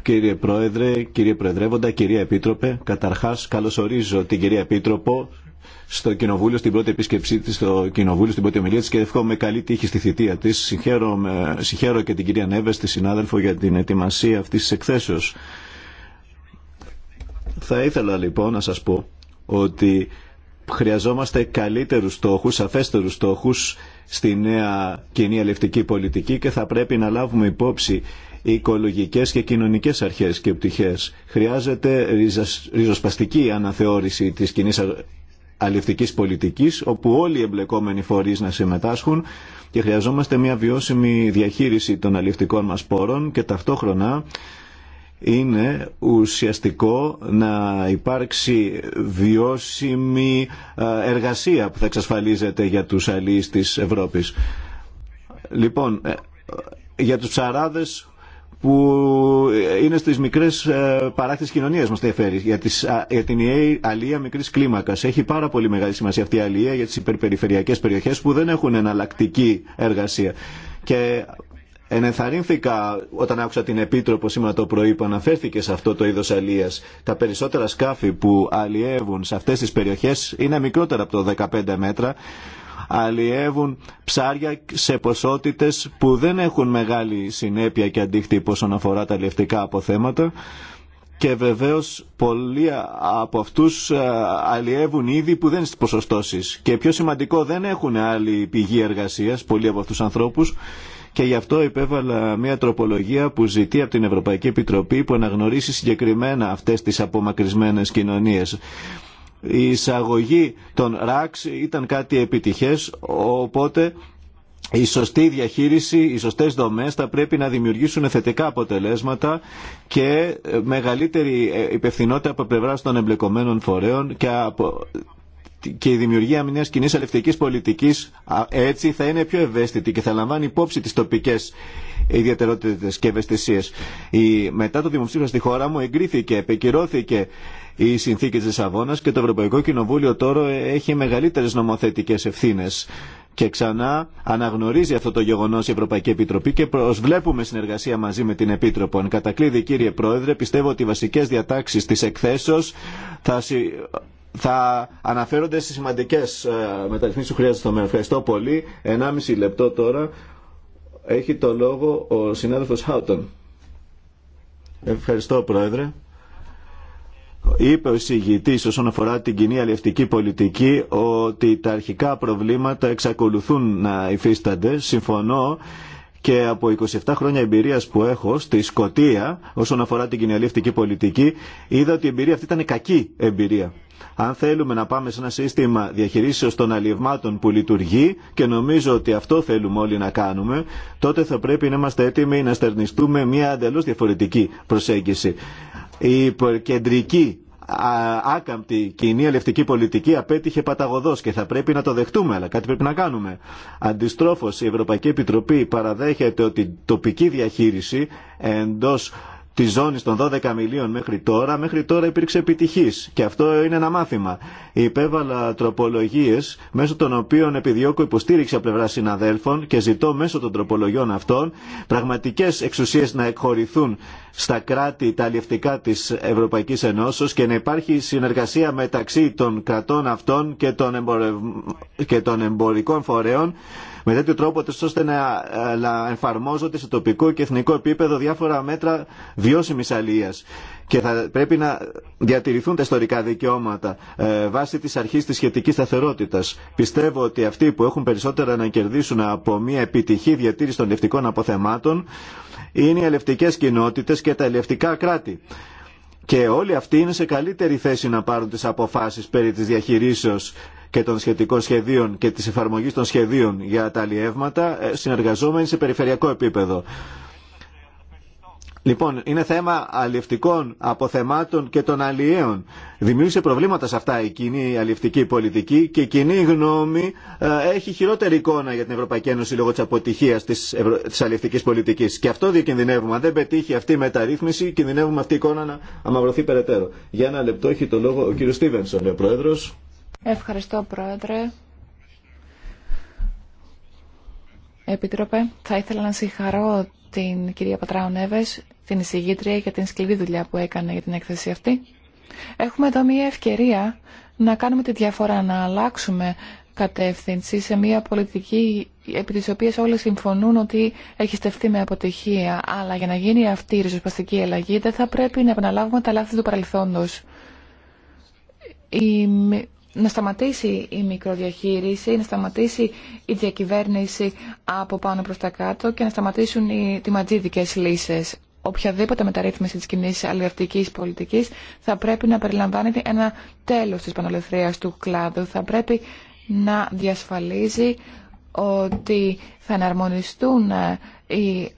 Κύριε Πρόεδρε, κύριε Προεδρεύοντα, κυρία Επίτροπε, καταρχάς καλωσορίζω την κυρία Επίτροπο στο Κοινοβούλιο, στην πρώτη επίσκεψή τη στο Κοινοβούλιο, στην πρώτη ομιλία τη και ευχόμαι καλή τύχη στη θητεία τη. Συγχαίρω, και την κυρία Νέβε, τη συνάδελφο, για την ετοιμασία αυτή τη εκθέσεω. Θα ήθελα λοιπόν να σας πω ότι χρειαζόμαστε καλύτερους στόχους, σαφέστερους στόχους στη νέα κοινή ελευτική πολιτική και θα πρέπει να λάβουμε υπόψη Οικολογικέ και κοινωνικές αρχές και πτυχές. Χρειάζεται ριζοσπαστική αναθεώρηση της κοινή αλληλευτικής πολιτικής, όπου όλοι οι εμπλεκόμενοι φορείς να συμμετάσχουν και χρειαζόμαστε μια βιώσιμη διαχείριση των αλληλευτικών μας πόρων και ταυτόχρονα είναι ουσιαστικό να υπάρξει βιώσιμη εργασία που θα εξασφαλίζεται για τους αλληλείς της Ευρώπης. Λοιπόν, ε, για τους ψαράδες που είναι στις μικρές ε, παράκτης κοινωνίας μας τεφέρει. για, τις, για την αλία μικρής κλίμακας. Έχει πάρα πολύ μεγάλη σημασία αυτή η αλία για τις υπερπεριφερειακές περιοχές που δεν έχουν εναλλακτική εργασία. Και ενεθαρρύνθηκα όταν άκουσα την Επίτροπο σήμερα το πρωί που αναφέρθηκε σε αυτό το είδος αλίας. Τα περισσότερα σκάφη που αλλιεύουν σε αυτέ τι περιοχέ είναι μικρότερα από το 15 μέτρα αλλιεύουν ψάρια σε ποσότητες που δεν έχουν μεγάλη συνέπεια και αντίκτυπο όσον αφορά τα αλλιευτικά αποθέματα και βεβαίως πολλοί από αυτούς ε, αλλιεύουν ήδη που δεν είναι στις ποσοστώσεις και πιο σημαντικό δεν έχουν άλλη πηγή εργασίας πολλοί από αυτούς τους ανθρώπους και γι' αυτό υπέβαλα μια τροπολογία που ζητεί από την Ευρωπαϊκή Επιτροπή που αναγνωρίσει συγκεκριμένα αυτές τις απομακρυσμένες κοινωνίες η εισαγωγή των ΡΑΞ ήταν κάτι επιτυχές, οπότε η σωστή διαχείριση, οι σωστές δομές θα πρέπει να δημιουργήσουν θετικά αποτελέσματα και μεγαλύτερη υπευθυνότητα από πλευρά των εμπλεκομένων φορέων και, και η δημιουργία μιας κοινής αλευτικής πολιτικής έτσι θα είναι πιο ευαίσθητη και θα λαμβάνει υπόψη τις τοπικές ιδιαιτερότητες και ευαισθησίες. Η... Μετά το δημοψήφισμα στη χώρα μου εγκρίθηκε, επικυρώθηκε οι συνθήκε τη Αβώνα και το Ευρωπαϊκό Κοινοβούλιο τώρα έχει μεγαλύτερε νομοθετικέ ευθύνε. Και ξανά αναγνωρίζει αυτό το γεγονό η Ευρωπαϊκή Επιτροπή και προσβλέπουμε συνεργασία μαζί με την Επίτροπο. Εν κατακλείδη, κύριε Πρόεδρε, πιστεύω ότι οι βασικέ διατάξει τη εκθέσεω θα θα αναφέρονται στι σημαντικέ ε, μεταρρυθμίσει που χρειάζεται στο μέλλον. Ευχαριστώ πολύ. 1,5 λεπτό τώρα έχει το λόγο ο συνάδελφο Χάουτον. Ευχαριστώ, Πρόεδρε. Είπε ο συγητής όσον αφορά την κοινή αλληλευτική πολιτική ότι τα αρχικά προβλήματα εξακολουθούν να υφίστανται. Συμφωνώ και από 27 χρόνια εμπειρίας που έχω στη Σκοτία όσον αφορά την κοινή αλληλευτική πολιτική είδα ότι η εμπειρία αυτή ήταν κακή εμπειρία. Αν θέλουμε να πάμε σε ένα σύστημα διαχειρίσεως των αλληλευμάτων που λειτουργεί και νομίζω ότι αυτό θέλουμε όλοι να κάνουμε, τότε θα πρέπει να είμαστε έτοιμοι να στερνιστούμε μια αντελώς διαφορετική προσέγγιση. Η κεντρική άκαμπτη κοινή ελευτική πολιτική απέτυχε παταγωδό και θα πρέπει να το δεχτούμε, αλλά κάτι πρέπει να κάνουμε. Αντιστρόφω, η Ευρωπαϊκή Επιτροπή παραδέχεται ότι τοπική διαχείριση εντό τη ζώνη των 12 μιλίων μέχρι τώρα, μέχρι τώρα υπήρξε επιτυχή. Και αυτό είναι ένα μάθημα. Υπέβαλα τροπολογίε μέσω των οποίων επιδιώκω υποστήριξη από πλευρά συναδέλφων και ζητώ μέσω των τροπολογιών αυτών πραγματικέ εξουσίε να εκχωρηθούν στα κράτη τα αλλιευτικά τη Ευρωπαϊκή Ενώσεω και να υπάρχει συνεργασία μεταξύ των κρατών αυτών και των, και των εμπορικών φορέων με τέτοιο τρόπο ώστε ε, να εφαρμόζονται σε τοπικό και εθνικό επίπεδο διάφορα μέτρα βιώσιμη αλληλεία. Και θα πρέπει να διατηρηθούν τα ιστορικά δικαιώματα ε, βάσει τη αρχή τη σχετική σταθερότητα. Πιστεύω ότι αυτοί που έχουν περισσότερα να κερδίσουν από μια επιτυχή διατήρηση των λευτικών αποθεμάτων είναι οι ελευτικέ κοινότητε και τα ελευτικά κράτη και όλοι αυτοί είναι σε καλύτερη θέση να πάρουν τις αποφάσεις περί της διαχειρήσεως και των σχετικών σχεδίων και της εφαρμογής των σχεδίων για τα αλλιεύματα ε, συνεργαζόμενοι σε περιφερειακό επίπεδο. Λοιπόν, είναι θέμα αλληλευτικών αποθεμάτων και των αλλιέων. Δημιούργησε προβλήματα σε αυτά η κοινή αλληλευτική πολιτική και η κοινή γνώμη ε, έχει χειρότερη εικόνα για την Ευρωπαϊκή Ένωση λόγω τη αποτυχία τη ευρω... αλληλευτική πολιτική. Και αυτό διακινδυνεύουμε. Αν δεν πετύχει αυτή η μεταρρύθμιση, κινδυνεύουμε αυτή η εικόνα να αμαυρωθεί περαιτέρω. Για ένα λεπτό έχει το λόγο ο κ. Στίβενσον, ο Πρόεδρο. Ευχαριστώ, Πρόεδρε. Επίτροπε, θα ήθελα να συγχαρώ την κυρία Πατράου Νέβες, την εισηγήτρια για την σκληρή δουλειά που έκανε για την έκθεση αυτή. Έχουμε εδώ μια ευκαιρία να κάνουμε τη διαφορά, να αλλάξουμε κατεύθυνση σε μια πολιτική επί της όλοι συμφωνούν ότι έχει στεφθεί με αποτυχία. Αλλά για να γίνει αυτή η ριζοσπαστική αλλαγή δεν θα πρέπει να επαναλάβουμε τα λάθη του παρελθόντο. Η να σταματήσει η μικροδιαχείριση, να σταματήσει η διακυβέρνηση από πάνω προς τα κάτω και να σταματήσουν οι τιματζίδικες λύσεις. Οποιαδήποτε μεταρρύθμιση της κοινή αλληλευτικής πολιτικής θα πρέπει να περιλαμβάνει ένα τέλος της πανολευθρίας του κλάδου. Θα πρέπει να διασφαλίζει ότι θα εναρμονιστούν ε, οι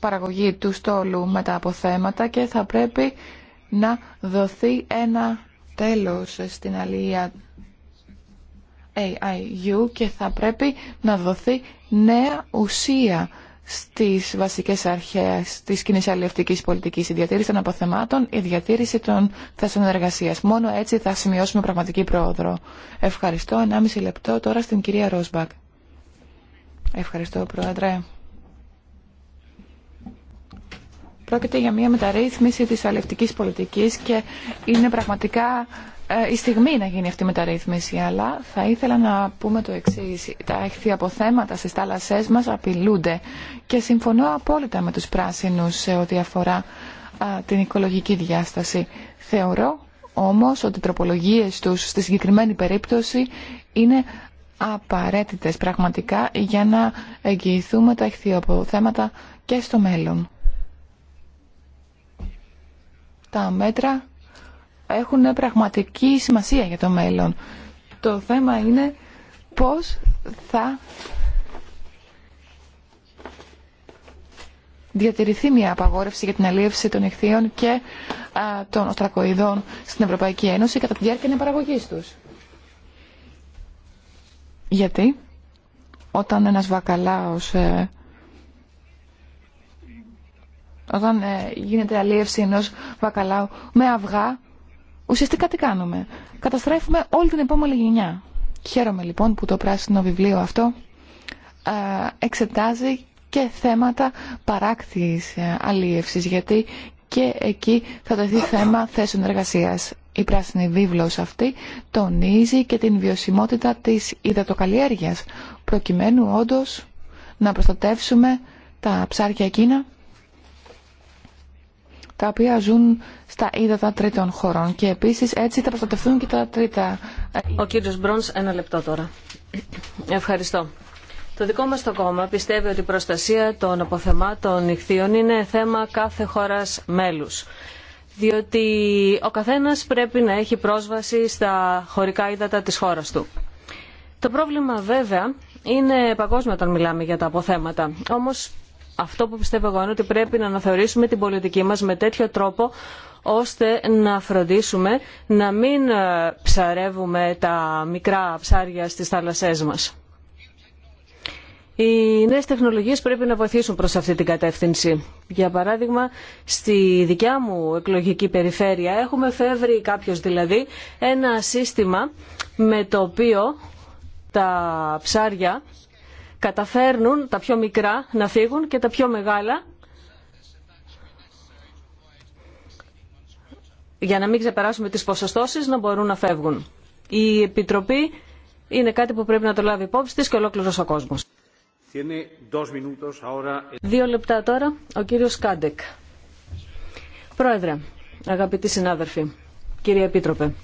παραγωγή του στόλου με τα αποθέματα και θα πρέπει να δοθεί ένα τέλος στην αλληλεία AIU και θα πρέπει να δοθεί νέα ουσία στις βασικές αρχές της κοινής αλληλευτικής πολιτικής, η διατήρηση των αποθεμάτων, η διατήρηση των θέσεων εργασίας. Μόνο έτσι θα σημειώσουμε πραγματική πρόοδο. Ευχαριστώ. 1,5 λεπτό τώρα στην κυρία Ρόσμπακ. Ευχαριστώ, Πρόεδρε. Πρόκειται για μια μεταρρύθμιση της αλληλευτικής πολιτικής και είναι πραγματικά ε, η στιγμή να γίνει αυτή η μεταρρύθμιση. Αλλά θα ήθελα να πούμε το εξή. Τα εχθιαποθέματα στις θάλασσές μας απειλούνται και συμφωνώ απόλυτα με τους πράσινους σε ό,τι αφορά την οικολογική διάσταση. Θεωρώ όμως ότι οι τροπολογίες τους στη συγκεκριμένη περίπτωση είναι απαραίτητες πραγματικά για να εγγυηθούμε τα εχθιοποθέματα και στο μέλλον τα μέτρα έχουν πραγματική σημασία για το μέλλον. Το θέμα είναι πώς θα διατηρηθεί μια απαγόρευση για την αλίευση των ηχθείων και των οστρακοειδών στην Ευρωπαϊκή Ένωση κατά τη διάρκεια παραγωγής τους. Γιατί όταν ένας βακαλάος ε, όταν ε, γίνεται αλίευση ενό βακαλάου με αυγά, ουσιαστικά τι κάνουμε. Καταστρέφουμε όλη την επόμενη γενιά. Χαίρομαι λοιπόν που το πράσινο βιβλίο αυτό ε, εξετάζει και θέματα παράκτης ε, αλίευσης, γιατί και εκεί θα τεθεί θέμα θέσεων εργασίας. Η πράσινη βίβλος αυτή τονίζει και την βιωσιμότητα της υδατοκαλλιέργειας, προκειμένου όντως να προστατεύσουμε τα ψάρια εκείνα τα οποία ζουν στα ύδατα τρίτων χωρών. Και επίσης έτσι θα προστατευτούν και τα τρίτα. Ο κύριος Μπρόνς, ένα λεπτό τώρα. Ευχαριστώ. Το δικό μας το κόμμα πιστεύει ότι η προστασία των αποθεμάτων νυχθείων είναι θέμα κάθε χώρας μέλους. Διότι ο καθένας πρέπει να έχει πρόσβαση στα χωρικά ύδατα της χώρας του. Το πρόβλημα βέβαια είναι παγκόσμιο όταν μιλάμε για τα αποθέματα. Όμως αυτό που πιστεύω εγώ είναι ότι πρέπει να αναθεωρήσουμε την πολιτική μας με τέτοιο τρόπο ώστε να φροντίσουμε να μην ε, ψαρεύουμε τα μικρά ψάρια στις θάλασσές μας. Οι νέες τεχνολογίες πρέπει να βοηθήσουν προς αυτή την κατεύθυνση. Για παράδειγμα, στη δικιά μου εκλογική περιφέρεια έχουμε φεύρει κάποιος δηλαδή ένα σύστημα με το οποίο τα ψάρια καταφέρνουν τα πιο μικρά να φύγουν και τα πιο μεγάλα για να μην ξεπεράσουμε τις ποσοστώσεις να μπορούν να φεύγουν. Η Επιτροπή είναι κάτι που πρέπει να το λάβει υπόψη της και ολόκληρος ο κόσμος. Δύο λεπτά τώρα, ο κύριος Κάντεκ. Πρόεδρε, αγαπητοί συνάδελφοι, κύριε Επίτροπε.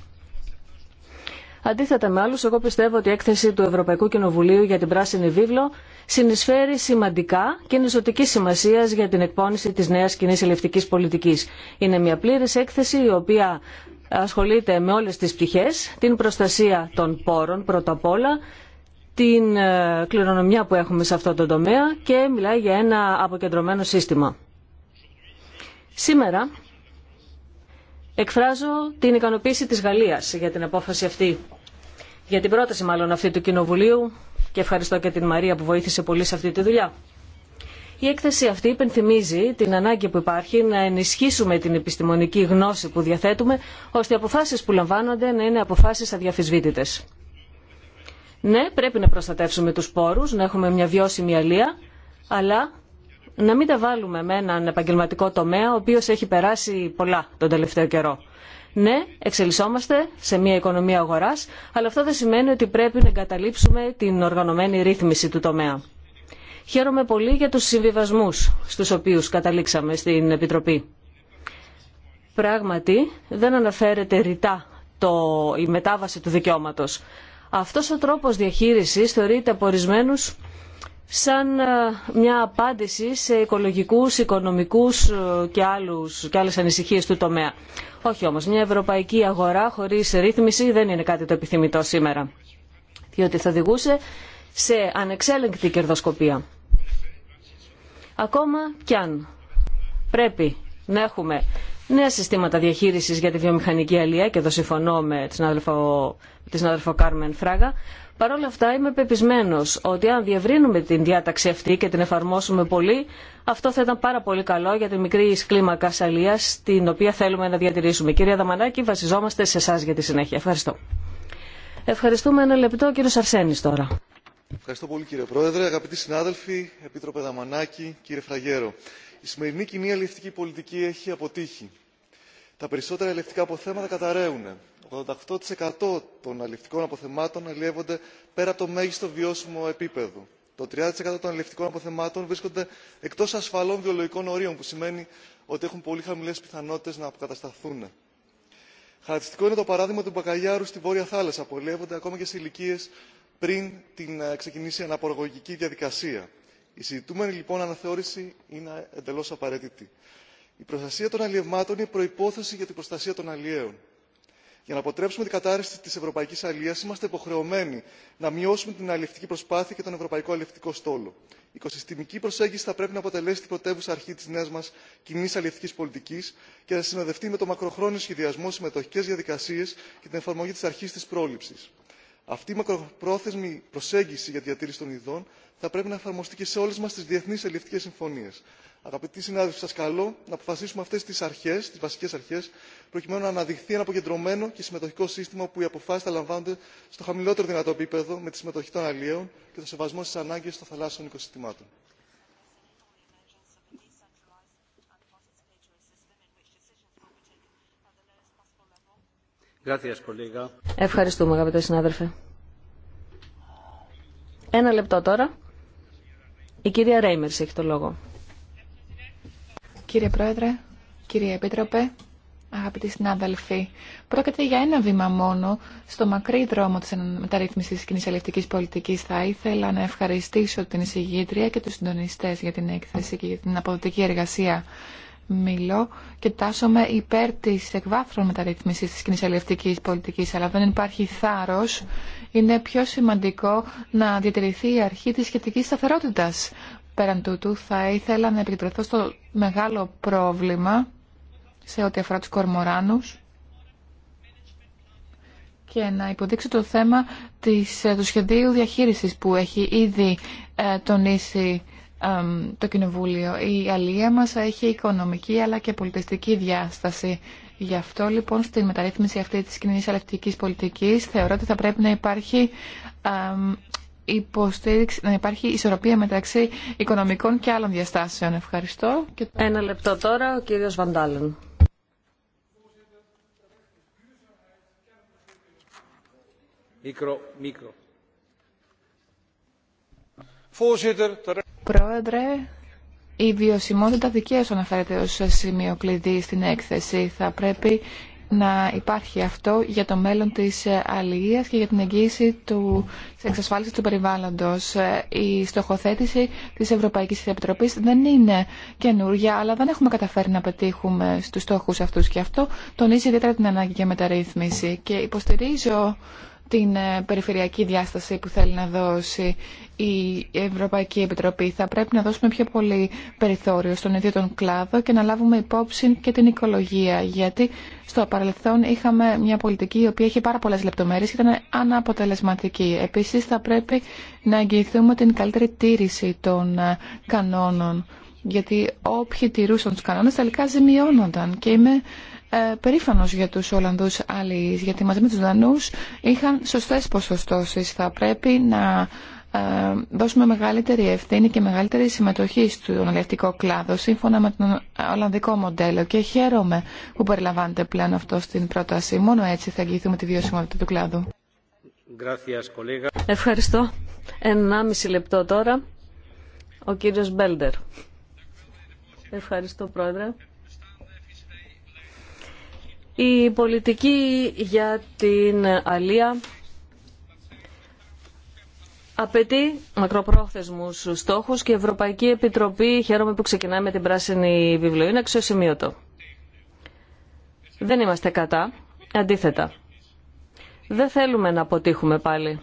Αντίθετα με άλλου, εγώ πιστεύω ότι η έκθεση του Ευρωπαϊκού Κοινοβουλίου για την Πράσινη Βίβλο συνεισφέρει σημαντικά και είναι ζωτική σημασία για την εκπόνηση τη νέας κοινή ελευτικής πολιτικής. Είναι μια πλήρης έκθεση η οποία ασχολείται με όλες τις πτυχές, την προστασία των πόρων πρώτα απ' όλα, την ε, κληρονομιά που έχουμε σε αυτό το τομέα και μιλάει για ένα αποκεντρωμένο σύστημα. Σήμερα εκφράζω την ικανοποίηση της Γαλλίας για την απόφαση αυτή για την πρόταση μάλλον αυτή του Κοινοβουλίου και ευχαριστώ και την Μαρία που βοήθησε πολύ σε αυτή τη δουλειά. Η έκθεση αυτή υπενθυμίζει την ανάγκη που υπάρχει να ενισχύσουμε την επιστημονική γνώση που διαθέτουμε, ώστε οι αποφάσεις που λαμβάνονται να είναι αποφάσεις αδιαφυσβήτητες. Ναι, πρέπει να προστατεύσουμε τους πόρους, να έχουμε μια βιώσιμη αλεία, αλλά να μην τα βάλουμε με έναν επαγγελματικό τομέα, ο οποίος έχει περάσει πολλά τον τελευταίο καιρό. Ναι, εξελισσόμαστε σε μια οικονομία αγοράς, αλλά αυτό δεν σημαίνει ότι πρέπει να εγκαταλείψουμε την οργανωμένη ρύθμιση του τομέα. Χαίρομαι πολύ για τους συμβιβασμούς στους οποίους καταλήξαμε στην Επιτροπή. Πράγματι, δεν αναφέρεται ρητά το, η μετάβαση του δικαιώματος. Αυτός ο τρόπος διαχείρισης θεωρείται από σαν ε, μια απάντηση σε οικολογικούς, οικονομικούς ε, και, άλλους, και άλλες ανησυχίες του τομέα. Όχι όμως, μια ευρωπαϊκή αγορά χωρίς ρύθμιση δεν είναι κάτι το επιθυμητό σήμερα, διότι θα οδηγούσε σε ανεξέλεγκτη κερδοσκοπία. Ακόμα κι αν πρέπει να έχουμε νέα συστήματα διαχείρισης για τη βιομηχανική αλία και εδώ συμφωνώ με την αδελφο, Κάρμεν Φράγα, Παρ' όλα αυτά είμαι πεπισμένο ότι αν διευρύνουμε την διάταξη αυτή και την εφαρμόσουμε πολύ, αυτό θα ήταν πάρα πολύ καλό για τη μικρή κλίμακα αλεία την οποία θέλουμε να διατηρήσουμε. Κυρία Δαμανάκη, βασιζόμαστε σε εσά για τη συνέχεια. Ευχαριστώ. Ευχαριστούμε ένα λεπτό, κύριο Αρσένη τώρα. Ευχαριστώ πολύ κύριε Πρόεδρε, αγαπητοί συνάδελφοι, Επίτροπε Δαμανάκη, κύριε Φραγέρο. Η σημερινή κοινή αλληλευτική πολιτική έχει αποτύχει. Τα περισσότερα αποθέματα καταραίουν. 88 των αλληλευτικών αποθεμάτων αλλιεύονται πέρα από το μέγιστο βιώσιμο επίπεδο. Το 30 των αλληλευτικών αποθεμάτων βρίσκονται εκτό ασφαλών βιολογικών ορίων, που σημαίνει ότι έχουν πολύ χαμηλέ πιθανότητε να αποκατασταθούν. Χαρακτηριστικό είναι το παράδειγμα του μπακαλιάρου στη Βόρεια Θάλασσα, που αλλιεύονται ακόμα και σε ηλικίε πριν την ε, ξεκινήσει η αναπαραγωγική διαδικασία. Η συζητούμενη λοιπόν αναθεώρηση είναι εντελώ απαραίτητη. Η προστασία των αλλιευμάτων είναι προπόθεση για την προστασία των αλλιέων για να αποτρέψουμε την κατάρρευση τη ευρωπαϊκή αλίας είμαστε υποχρεωμένοι να μειώσουμε την αλληλευτική προσπάθεια και τον ευρωπαϊκό αλληλευτικό στόλο. η οικοσυστημική προσέγγιση θα πρέπει να αποτελέσει την πρωτεύουσα αρχή τη νέα μα κοινή αλληλευτική πολιτική και να συνοδευτεί με το μακροχρόνιο σχεδιασμό συμμετοχικέ διαδικασίε και την εφαρμογή τη αρχή τη πρόληψη. αυτή η μακροπρόθεσμη προσέγγιση για τη διατήρηση των ειδών θα πρέπει να εφαρμοστεί και σε όλε μα τι διεθνεί αλληλευτικέ συμφωνίε. Αγαπητοί συνάδελφοι, σας καλώ να αποφασίσουμε αυτές τις αρχές, τις βασικές αρχές, προκειμένου να αναδειχθεί ένα αποκεντρωμένο και συμμετοχικό σύστημα που οι αποφάσεις θα λαμβάνονται στο χαμηλότερο δυνατό επίπεδο με τη συμμετοχή των αλλιέων και το σεβασμό στι ανάγκε των θαλάσσιων οικοσυστημάτων. Ευχαριστούμε, αγαπητέ συνάδελφε. Ένα λεπτό τώρα. Η κυρία Ρέιμερς έχει το λόγο. Κύριε Πρόεδρε, κύριε Επίτροπε, αγαπητοί συνάδελφοι, πρόκειται για ένα βήμα μόνο στο μακρύ δρόμο της μεταρρύθμισης κοινής αλληλευτικής πολιτικής. Θα ήθελα να ευχαριστήσω την εισηγήτρια και τους συντονιστές για την έκθεση και για την αποδοτική εργασία. Μιλώ και τάσομαι υπέρ τη εκβάθρων μεταρρύθμιση τη κοινή αλληλευτική πολιτικής, αλλά δεν υπάρχει θάρρο, Είναι πιο σημαντικό να διατηρηθεί η αρχή τη σχετική σταθερότητα. Πέραν τούτου, θα ήθελα να επικεντρωθώ στο μεγάλο πρόβλημα σε ό,τι αφορά τους κορμοράνους και να υποδείξω το θέμα της, ε, του σχεδίου διαχείρισης που έχει ήδη ε, τονίσει το Κοινοβούλιο. Η αλληλεία μας έχει οικονομική αλλά και πολιτιστική διάσταση. Γι' αυτό λοιπόν στην μεταρρύθμιση αυτή της κοινή αλευτικής πολιτικής θεωρώ ότι θα πρέπει να υπάρχει υποστήριξη, να υπάρχει ισορροπία μεταξύ οικονομικών και άλλων διαστάσεων. Ευχαριστώ. Ένα λεπτό τώρα ο κύριος Βαντάλλον. Μικρό, Πρόεδρε, η βιωσιμότητα δικαίως αναφέρεται ως σημείο κλειδί στην έκθεση. Θα πρέπει να υπάρχει αυτό για το μέλλον της ε, αλληλείας και για την εγγύηση του, της εξασφάλισης του περιβάλλοντος. Ε, η στοχοθέτηση της Ευρωπαϊκής Επιτροπής δεν είναι καινούργια, αλλά δεν έχουμε καταφέρει να πετύχουμε στους στόχους αυτούς και αυτό τονίζει ιδιαίτερα την ανάγκη για μεταρρύθμιση. Και υποστηρίζω την ε, περιφερειακή διάσταση που θέλει να δώσει η Ευρωπαϊκή Επιτροπή. Θα πρέπει να δώσουμε πιο πολύ περιθώριο στον ίδιο τον κλάδο και να λάβουμε υπόψη και την οικολογία. Γιατί στο παρελθόν είχαμε μια πολιτική η οποία είχε πάρα πολλέ λεπτομέρειες και ήταν αναποτελεσματική. Επίσης θα πρέπει να εγγυηθούμε την καλύτερη τήρηση των ε, κανόνων. Γιατί όποιοι τηρούσαν του κανόνε τελικά ζημιώνονταν. Και είμαι ε, περήφανος για του Ολλανδού αλληλεί, γιατί μαζί με του Δανού είχαν σωστές ποσοστώσεις. Θα πρέπει να ε, δώσουμε μεγαλύτερη ευθύνη και μεγαλύτερη συμμετοχή στον αλληλευτικό κλάδο, σύμφωνα με τον Ολλανδικό μοντέλο. Και χαίρομαι που περιλαμβάνεται πλέον αυτό στην πρόταση. Μόνο έτσι θα εγγυηθούμε τη βιωσιμότητα του κλάδου. Ευχαριστώ. 1,5 λεπτό τώρα. Ο κύριος Μπέλντερ. Ευχαριστώ, Πρόεδρε. Η πολιτική για την αλία απαιτεί μακροπρόθεσμους στόχους και η Ευρωπαϊκή Επιτροπή, χαίρομαι που ξεκινάει με την πράσινη βιβλίο, είναι αξιοσημείωτο. Δεν είμαστε κατά, αντίθετα. Δεν θέλουμε να αποτύχουμε πάλι.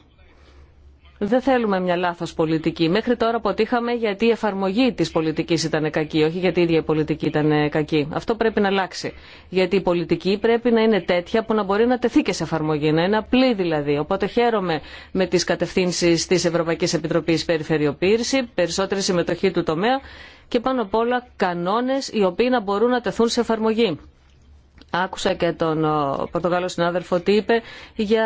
Δεν θέλουμε μια λάθος πολιτική. Μέχρι τώρα αποτύχαμε γιατί η εφαρμογή της πολιτικής ήταν κακή, όχι γιατί η ίδια η πολιτική ήταν ε, κακή. Αυτό πρέπει να αλλάξει. Γιατί η πολιτική πρέπει να είναι τέτοια που να μπορεί να τεθεί και σε εφαρμογή, να είναι απλή δηλαδή. Οπότε χαίρομαι με τις κατευθύνσεις της Ευρωπαϊκής Επιτροπής Περιφερειοποίηση, περισσότερη συμμετοχή του τομέα και πάνω απ' όλα κανόνες οι οποίοι να μπορούν να τεθούν σε εφαρμογή. Άκουσα και τον Πορτογάλο συνάδελφο τι είπε για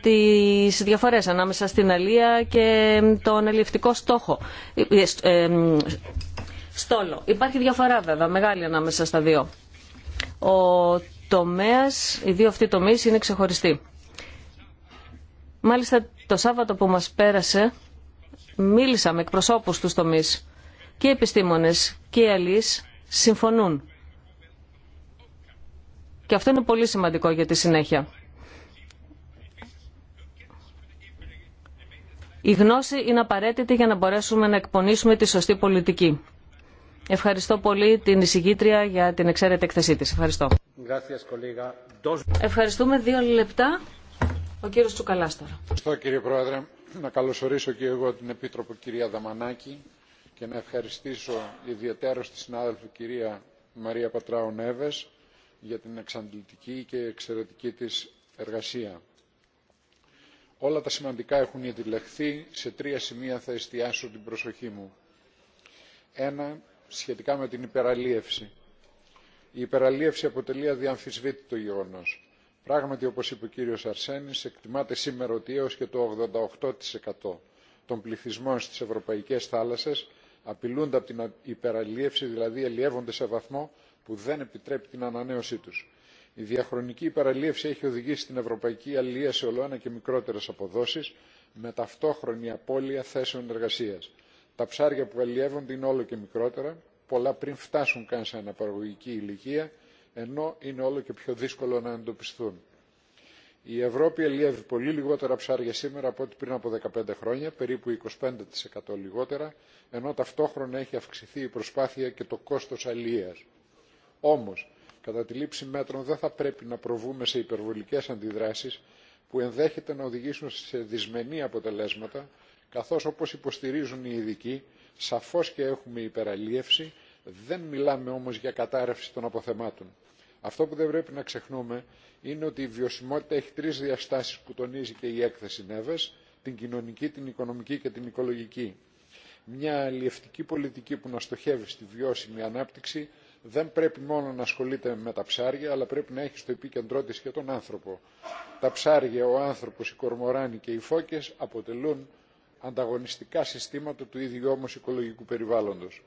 τις διαφορές ανάμεσα στην αλεία και τον ελευθερικό στόχο. Ε, ε, ε, στόλο. Υπάρχει διαφορά βέβαια, μεγάλη ανάμεσα στα δύο. Ο τομέας, οι δύο αυτοί τομείς είναι ξεχωριστοί. Μάλιστα το Σάββατο που μας πέρασε μίλησα με εκπροσώπους του τομείς και επιστήμονες και αλείς συμφωνούν και αυτό είναι πολύ σημαντικό για τη συνέχεια. Η γνώση είναι απαραίτητη για να μπορέσουμε να εκπονήσουμε τη σωστή πολιτική. Ευχαριστώ πολύ την εισηγήτρια για την εξαίρετη εκθεσή της. Ευχαριστώ. Ευχαριστούμε. Δύο λεπτά. Ο κύριος Τσουκαλάστορα. Ευχαριστώ κύριε Πρόεδρε. Να καλωσορίσω και εγώ την Επίτροπο κυρία Δαμανάκη και να ευχαριστήσω ιδιαίτερα τη συνάδελφη κυρία Μαρία Πατράου Νέβες για την εξαντλητική και εξαιρετική της εργασία. Όλα τα σημαντικά έχουν ήδη λεχθεί. Σε τρία σημεία θα εστιάσω την προσοχή μου. Ένα, σχετικά με την υπεραλίευση. Η υπεραλίευση αποτελεί αδιαμφισβήτητο γεγονό. Πράγματι, όπως είπε ο κύριος Αρσένης, εκτιμάται σήμερα ότι έως και το 88% των πληθυσμών στις ευρωπαϊκές θάλασσες απειλούνται από την υπεραλίευση, δηλαδή ελιεύονται σε βαθμό που δεν επιτρέπει την ανανέωσή τους. Η διαχρονική υπεραλίευση έχει οδηγήσει την ευρωπαϊκή αλληλεία σε ολοένα και μικρότερες αποδόσεις, με ταυτόχρονη απώλεια θέσεων εργασίας. Τα ψάρια που αλλιεύονται είναι όλο και μικρότερα, πολλά πριν φτάσουν καν σε αναπαραγωγική ηλικία, ενώ είναι όλο και πιο δύσκολο να εντοπιστούν. Η Ευρώπη αλλιεύει πολύ λιγότερα ψάρια σήμερα από ό,τι πριν από 15 χρόνια, περίπου 25% λιγότερα, ενώ ταυτόχρονα έχει αυξηθεί η προσπάθεια και το κόστος αλλιείας. Όμως, κατά τη λήψη μέτρων δεν θα πρέπει να προβούμε σε υπερβολικές αντιδράσεις που ενδέχεται να οδηγήσουν σε δυσμενή αποτελέσματα, καθώς όπως υποστηρίζουν οι ειδικοί, σαφώς και έχουμε υπεραλίευση, δεν μιλάμε όμως για κατάρρευση των αποθεμάτων. Αυτό που δεν πρέπει να ξεχνούμε είναι ότι η βιωσιμότητα έχει τρεις διαστάσεις που τονίζει και η έκθεση Νέβες, την κοινωνική, την οικονομική και την οικολογική. Μια αλλιευτική πολιτική που να στοχεύει στη βιώσιμη ανάπτυξη δεν πρέπει μόνο να ασχολείται με τα ψάρια, αλλά πρέπει να έχει στο επίκεντρό της και τον άνθρωπο. Τα ψάρια, ο άνθρωπος, οι κορμοράνοι και οι φώκες αποτελούν ανταγωνιστικά συστήματα του ίδιου όμως οικολογικού περιβάλλοντος.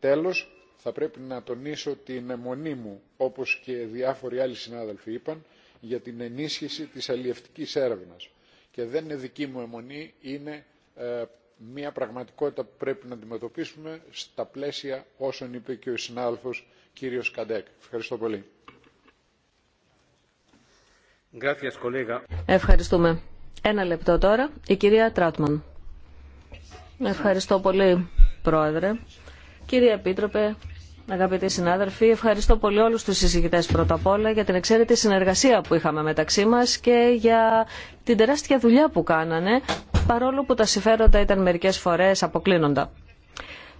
Τέλος, θα πρέπει να τονίσω την αιμονή μου, όπως και διάφοροι άλλοι συνάδελφοι είπαν, για την ενίσχυση της αλλιευτικής έρευνας. Και δεν είναι δική μου αιμονή, είναι ε, μια πραγματικότητα που πρέπει να αντιμετωπίσουμε στα πλαίσια όσων είπε και ο συνάδελφος κύριος Καντέκ. Ευχαριστώ πολύ. Ευχαριστούμε. Ένα λεπτό τώρα. Η κυρία Τράτμαν. Ευχαριστώ πολύ, Πρόεδρε. Κύριε Επίτροπε, αγαπητοί συνάδελφοι, ευχαριστώ πολύ όλους τους συζητητές πρώτα απ' όλα για την εξαίρετη συνεργασία που είχαμε μεταξύ μας και για την τεράστια δουλειά που κάνανε παρόλο που τα συμφέροντα ήταν μερικές φορές αποκλίνοντα.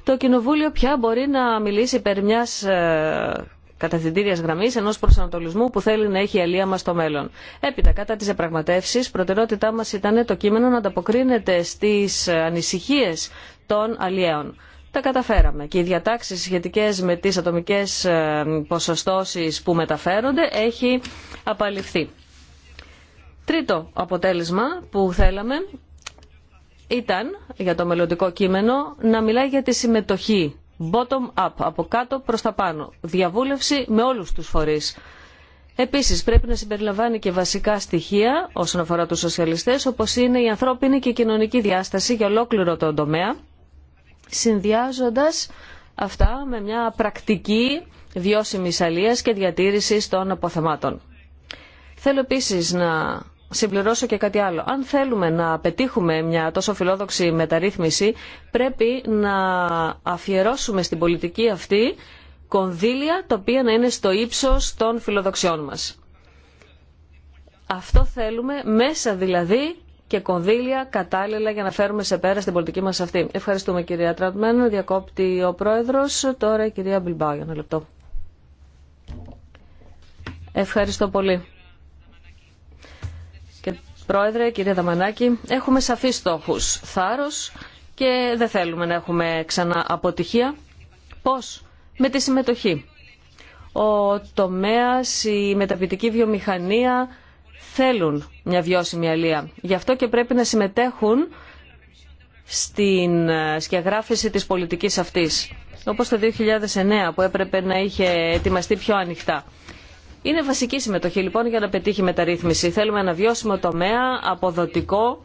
Το Κοινοβούλιο πια μπορεί να μιλήσει περί μιας ε, κατευθυντήρια γραμμής ενός προσανατολισμού που θέλει να έχει η αλία μας στο μέλλον. Έπειτα, κατά τις επραγματεύσεις, προτεραιότητά μας ήταν το κείμενο να ανταποκρίνεται στις ε, ανησυχίες των αλλιέων. Τα καταφέραμε και οι διατάξεις σχετικές με τις ατομικές ε, ποσοστώσεις που μεταφέρονται έχει απαλληφθεί. Τρίτο αποτέλεσμα που θέλαμε ήταν για το μελλοντικό κείμενο να μιλάει για τη συμμετοχή bottom up, από κάτω προς τα πάνω, διαβούλευση με όλους τους φορείς. Επίσης πρέπει να συμπεριλαμβάνει και βασικά στοιχεία όσον αφορά τους σοσιαλιστές όπως είναι η ανθρώπινη και η κοινωνική διάσταση για ολόκληρο τον τομέα συνδυάζοντας αυτά με μια πρακτική βιώσιμη αλίας και διατήρησης των αποθεμάτων. Θέλω επίσης να συμπληρώσω και κάτι άλλο. Αν θέλουμε να πετύχουμε μια τόσο φιλόδοξη μεταρρύθμιση, πρέπει να αφιερώσουμε στην πολιτική αυτή κονδύλια τα οποία να είναι στο ύψος των φιλοδοξιών μας. Αυτό θέλουμε μέσα δηλαδή και κονδύλια κατάλληλα για να φέρουμε σε πέρα στην πολιτική μας αυτή. Ευχαριστούμε κυρία Τραντμένου. διακόπτη ο πρόεδρος, τώρα η κυρία Μπιλμπάου για ένα λεπτό. Ευχαριστώ πολύ. Πρόεδρε, κύριε Δαμανάκη, έχουμε σαφείς στόχους. Θάρρος και δεν θέλουμε να έχουμε ξανά αποτυχία. Πώς? Με τη συμμετοχή. Ο τομέας, η μεταπητική βιομηχανία θέλουν μια βιώσιμη αλία. Γι' αυτό και πρέπει να συμμετέχουν στην σκιαγράφηση της πολιτικής αυτής. Όπως το 2009 που έπρεπε να είχε ετοιμαστεί πιο ανοιχτά. Είναι βασική συμμετοχή λοιπόν για να πετύχει μεταρρύθμιση. Θέλουμε ένα βιώσιμο τομέα, αποδοτικό.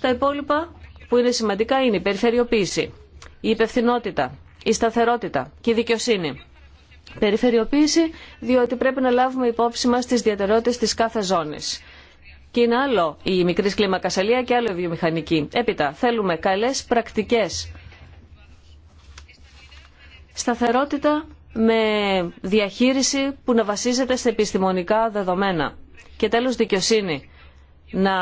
Τα υπόλοιπα που είναι σημαντικά είναι η περιφερειοποίηση, η υπευθυνότητα, η σταθερότητα και η δικαιοσύνη. Περιφερειοποίηση διότι πρέπει να λάβουμε υπόψη μας τις διατερότητες της κάθε ζώνης. Και είναι άλλο η μικρή κλίμακα και άλλο η βιομηχανική. Έπειτα, θέλουμε καλές πρακτικές. Σταθερότητα με διαχείριση που να βασίζεται σε επιστημονικά δεδομένα. Και τέλος δικαιοσύνη. Να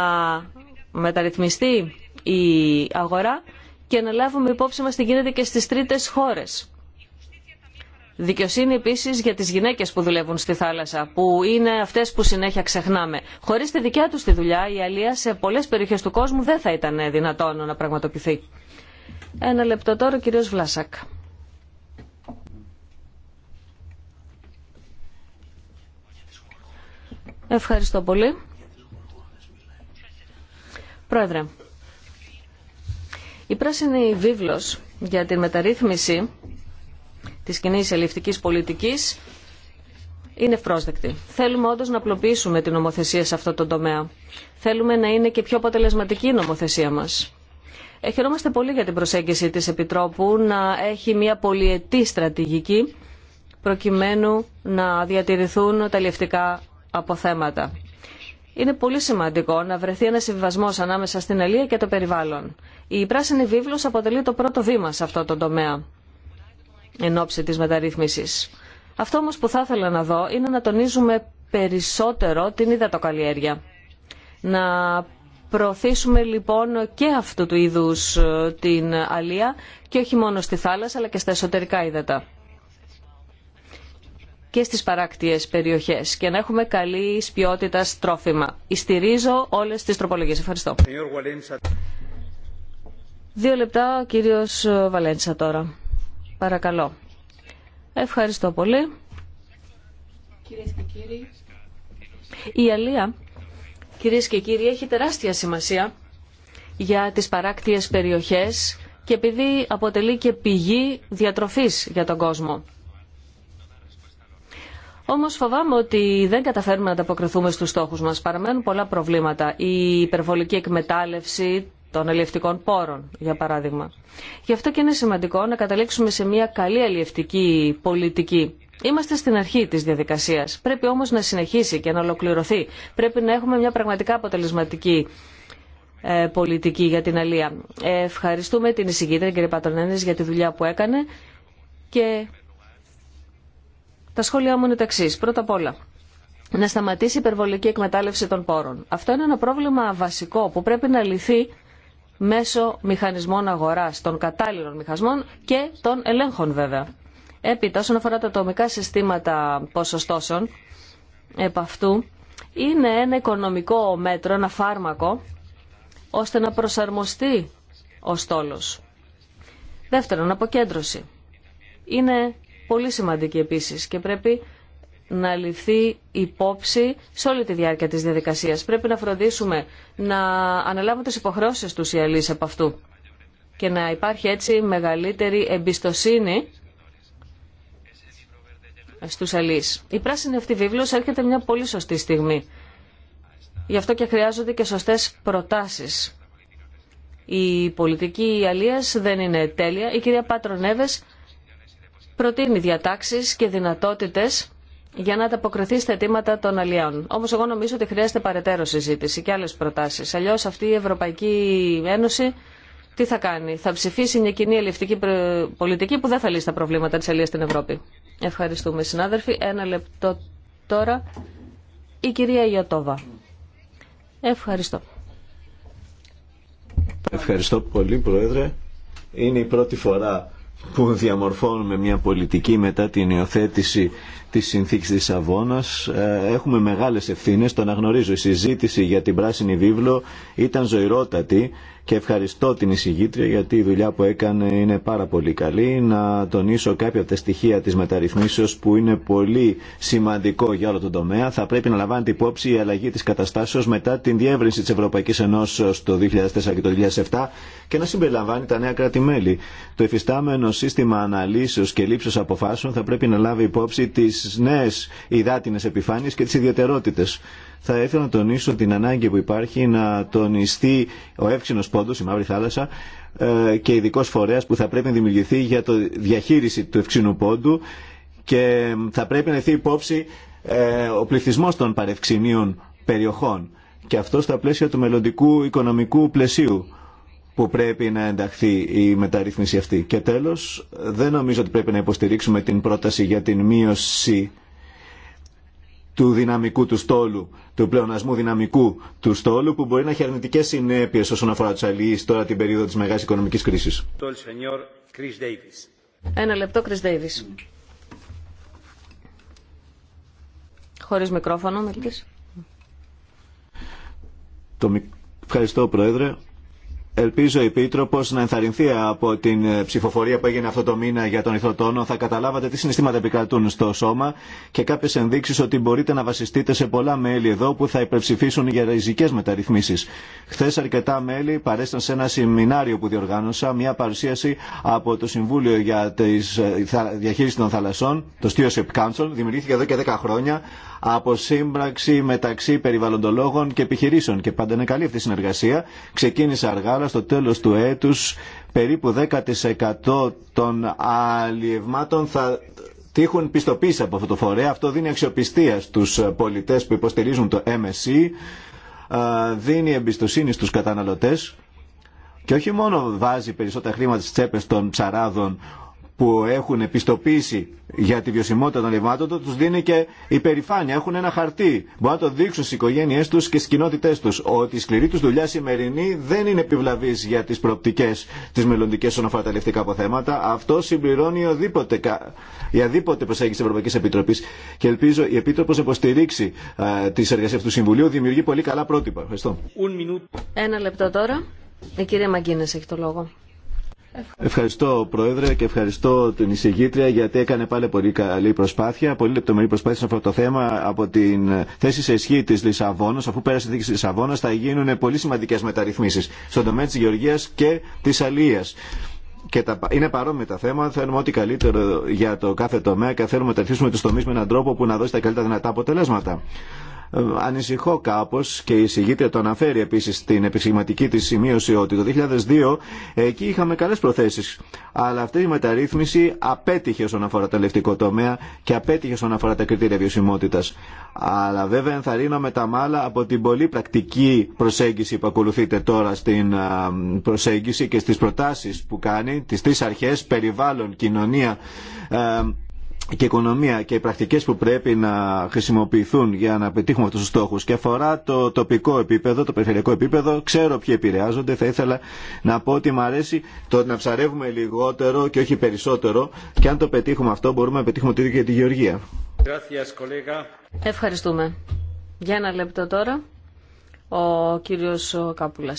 μεταρρυθμιστεί η αγορά και να λάβουμε υπόψη μας τι γίνεται και στις τρίτες χώρες. Δικαιοσύνη επίση για τι γυναίκε που δουλεύουν στη θάλασσα, που είναι αυτέ που συνέχεια ξεχνάμε. Χωρί τη δικιά του τη δουλειά, η αλία σε πολλέ περιοχέ του κόσμου δεν θα ήταν δυνατόν να πραγματοποιηθεί. Ένα λεπτό τώρα, ο κύριο Βλάσακ. Ευχαριστώ πολύ. Πρόεδρε, η πράσινη βίβλος για τη μεταρρύθμιση της κοινή ελληνικής πολιτικής είναι ευπρόσδεκτη. Θέλουμε όντω να απλοποιήσουμε την νομοθεσία σε αυτό το τομέα. Θέλουμε να είναι και πιο αποτελεσματική η νομοθεσία μας. Χαιρόμαστε πολύ για την προσέγγιση της Επιτρόπου να έχει μια πολυετή στρατηγική προκειμένου να διατηρηθούν τα λεφτικά αποθέματα. Είναι πολύ σημαντικό να βρεθεί ένα συμβιβασμό ανάμεσα στην Ελία και το περιβάλλον. Η πράσινη βίβλο αποτελεί το πρώτο βήμα σε αυτό το τομέα εν ώψη της μεταρρύθμισης. Αυτό όμως που θα ήθελα να δω είναι να τονίζουμε περισσότερο την υδατοκαλλιέργεια. Να προωθήσουμε λοιπόν και αυτού του είδους ε, την αλία και όχι μόνο στη θάλασσα αλλά και στα εσωτερικά ύδατα και στις παράκτιες περιοχές και να έχουμε καλή ποιότητα τρόφιμα. Ιστηρίζω όλες τις τροπολογίες. Ευχαριστώ. Δύο λεπτά ο κύριος Βαλέντσα τώρα. Παρακαλώ. Ευχαριστώ πολύ. και Η Αλία, κυρίες και κύριοι, έχει τεράστια σημασία για τις παράκτιες περιοχές και επειδή αποτελεί και πηγή διατροφής για τον κόσμο. Όμω φοβάμαι ότι δεν καταφέρουμε να ανταποκριθούμε στου στόχου μα. Παραμένουν πολλά προβλήματα. Η υπερβολική εκμετάλλευση των αλλιευτικών πόρων, για παράδειγμα. Γι' αυτό και είναι σημαντικό να καταλήξουμε σε μια καλή αλλιευτική πολιτική. Είμαστε στην αρχή της διαδικασίας. Πρέπει όμως να συνεχίσει και να ολοκληρωθεί. Πρέπει να έχουμε μια πραγματικά αποτελεσματική ε, πολιτική για την αλία. Ε, ευχαριστούμε την εισηγήτρια, κύριε Πατρονένης, για τη δουλειά που έκανε και τα σχόλιά μου είναι τα εξή. Πρώτα απ' όλα, να σταματήσει η υπερβολική εκμετάλλευση των πόρων. Αυτό είναι ένα πρόβλημα βασικό που πρέπει να λυθεί μέσω μηχανισμών αγοράς, των κατάλληλων μηχανισμών και των ελέγχων βέβαια. Έπειτα, όσον αφορά τα ατομικά συστήματα ποσοστώσεων, επ' αυτού, είναι ένα οικονομικό μέτρο, ένα φάρμακο, ώστε να προσαρμοστεί ο στόλος. Δεύτερον, αποκέντρωση. Είναι πολύ σημαντική επίσης και πρέπει να ληφθεί υπόψη σε όλη τη διάρκεια της διαδικασίας. Πρέπει να φροντίσουμε να αναλάβουν τις υποχρώσεις τους οι αλλοίς από αυτού και να υπάρχει έτσι μεγαλύτερη εμπιστοσύνη στους αλλοίς. Η πράσινη αυτή βίβλος έρχεται μια πολύ σωστή στιγμή. Γι' αυτό και χρειάζονται και σωστές προτάσεις. Η πολιτική αλλίας δεν είναι τέλεια. Η κυρία Νέβες προτείνει διατάξεις και δυνατότητες για να ανταποκριθεί στα αιτήματα των αλλιών. Όμω, εγώ νομίζω ότι χρειάζεται παρετέρω συζήτηση και άλλε προτάσει. Αλλιώ, αυτή η Ευρωπαϊκή Ένωση τι θα κάνει, θα ψηφίσει μια κοινή ελληνική πολιτική που δεν θα λύσει τα προβλήματα τη αλλία στην Ευρώπη. Ευχαριστούμε, συνάδελφοι. Ένα λεπτό τώρα. Η κυρία Ιωτόβα. Ευχαριστώ. Ευχαριστώ πολύ, Πρόεδρε. Είναι η πρώτη φορά που διαμορφώνουμε μια πολιτική μετά την υιοθέτηση της συνθήκης της Αβώνας ε, έχουμε μεγάλες ευθύνες, το αναγνωρίζω. Η συζήτηση για την Πράσινη Βίβλο ήταν ζωηρότατη και ευχαριστώ την εισηγήτρια γιατί η δουλειά που έκανε είναι πάρα πολύ καλή. Να τονίσω κάποια από τα στοιχεία της μεταρρυθμίσεως που είναι πολύ σημαντικό για όλο τον τομέα. Θα πρέπει να λαμβάνεται υπόψη η αλλαγή της καταστάσεως μετά την διεύρυνση της Ευρωπαϊκή Ενώσεως το 2004 και το 2007 και να συμπεριλαμβάνει τα νέα κράτη-μέλη. Το εφιστάμενο σύστημα αναλύσεως και λήψεως αποφάσεων θα πρέπει να λάβει υπόψη τις νέες υδάτινες επιφάνειες και τις ιδιαιτερότητες θα ήθελα να τονίσω την ανάγκη που υπάρχει να τονιστεί ο εύξηνο πόντο, η μαύρη θάλασσα, ε, και ειδικό φορέα που θα πρέπει να δημιουργηθεί για τη το διαχείριση του ευξήνου πόντου και θα πρέπει να ληφθεί υπόψη ε, ο πληθυσμό των παρευξηνίων περιοχών. Και αυτό στα πλαίσια του μελλοντικού οικονομικού πλαισίου που πρέπει να ενταχθεί η μεταρρύθμιση αυτή. Και τέλος, δεν νομίζω ότι πρέπει να υποστηρίξουμε την πρόταση για την μείωση του δυναμικού του στόλου, του πλεονασμού δυναμικού του στόλου, που μπορεί να έχει αρνητικέ συνέπειε όσον αφορά του αλληλεί τώρα την περίοδο τη μεγάλη οικονομική κρίση. Ένα λεπτό, Κρι Ντέιβι. Χωρί μικρόφωνο, μιλητή. Το... Ευχαριστώ, Πρόεδρε. Ελπίζω η Επίτροπο να ενθαρρυνθεί από την ψηφοφορία που έγινε αυτό το μήνα για τον Ιθροτόνο. Θα καταλάβατε τι συναισθήματα επικρατούν στο σώμα και κάποιε ενδείξει ότι μπορείτε να βασιστείτε σε πολλά μέλη εδώ που θα υπερψηφίσουν για ριζικέ μεταρρυθμίσει. Χθε αρκετά μέλη παρέστησαν σε ένα σεμινάριο που διοργάνωσα, μια παρουσίαση από το Συμβούλιο για τη ε, διαχείριση των θαλασσών, το Stewardship Council, δημιουργήθηκε εδώ και 10 χρόνια από σύμπραξη μεταξύ περιβαλλοντολόγων και επιχειρήσεων. Και πάντα είναι καλή αυτή η συνεργασία. Ξεκίνησε αργά, αλλά στο τέλος του έτου, περίπου 10% των αλλιευμάτων θα τύχουν πιστοποίηση από αυτό το φορέα. Αυτό δίνει αξιοπιστία στους πολιτές που υποστηρίζουν το MSC, e, δίνει εμπιστοσύνη στους καταναλωτές και όχι μόνο βάζει περισσότερα χρήματα στις τσέπες των ψαράδων που έχουν επιστοποίηση για τη βιωσιμότητα των λευμάτων του, δίνει και υπερηφάνεια. Έχουν ένα χαρτί. μπορεί να το δείξουν στι οικογένειέ του και στι κοινότητέ του ότι η σκληρή του δουλειά σημερινή δεν είναι επιβλαβή για τι προοπτικέ τι μελλοντικέ όσον αφορά τα λευτικά αποθέματα. Αυτό συμπληρώνει οδήποτε, η αδίποτε προσέγγιση τη Ευρωπαϊκή Επιτροπή. Και ελπίζω η Επίτροπο να υποστηρίξει τι εργασίε του Συμβουλίου. Δημιουργεί πολύ καλά πρότυπα. Ευχαριστώ. Ένα λεπτό τώρα. Η κυρία Μαγκίνε έχει το λόγο. Ευχαριστώ Πρόεδρε και ευχαριστώ την εισηγήτρια γιατί έκανε πάλι πολύ καλή προσπάθεια, πολύ λεπτομερή προσπάθεια σε αυτό το θέμα. Από την θέση σε ισχύ τη Λισαβόνα, αφού πέρασε η θέση τη Λισαβόνα, θα γίνουν πολύ σημαντικέ μεταρρυθμίσει στον τομέα τη Γεωργία και τη Αλία. Και τα, είναι παρόμοια τα θέματα. Θέλουμε ό,τι καλύτερο για το κάθε τομέα και θέλουμε να μεταρρυθμίσουμε του τομεί με έναν τρόπο που να δώσει τα καλύτερα δυνατά αποτελέσματα ανησυχώ κάπως και η συγγήτρια το αναφέρει επίσης στην επισηματική της σημείωση ότι το 2002 εκεί είχαμε καλές προθέσεις αλλά αυτή η μεταρρύθμιση απέτυχε όσον αφορά το ελευτικό τομέα και απέτυχε όσον αφορά τα κριτήρια βιωσιμότητας. Αλλά βέβαια ενθαρρύνω με τα μάλα από την πολύ πρακτική προσέγγιση που ακολουθείτε τώρα στην προσέγγιση και στις προτάσεις που κάνει, τις τρεις αρχές, περιβάλλον, κοινωνία, ε, και η οικονομία και οι πρακτικές που πρέπει να χρησιμοποιηθούν για να πετύχουμε αυτούς τους στόχους και αφορά το τοπικό επίπεδο, το περιφερειακό επίπεδο, ξέρω ποιοι επηρεάζονται, θα ήθελα να πω ότι μου αρέσει το να ψαρεύουμε λιγότερο και όχι περισσότερο και αν το πετύχουμε αυτό μπορούμε να πετύχουμε το ίδιο και τη γεωργία. Ευχαριστούμε. Για ένα λεπτό τώρα, ο κύριος Κάπουλα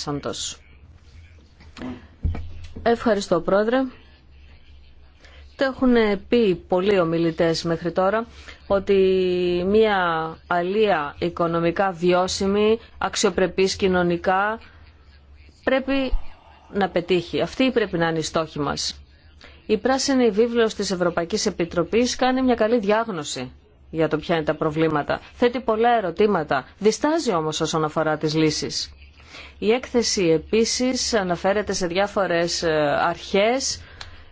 Ευχαριστώ πρόεδρε. Το έχουν πει πολλοί ομιλητές μέχρι τώρα ότι μια αλία οικονομικά βιώσιμη, αξιοπρεπής κοινωνικά πρέπει να πετύχει. Αυτή πρέπει να είναι η στόχη μας. Η πράσινη βίβλος της Ευρωπαϊκής Επιτροπής κάνει μια καλή διάγνωση για το ποια είναι τα προβλήματα. Θέτει πολλά ερωτήματα. Διστάζει όμως όσον αφορά τις λύσεις. Η έκθεση επίσης αναφέρεται σε διάφορες ε, αρχές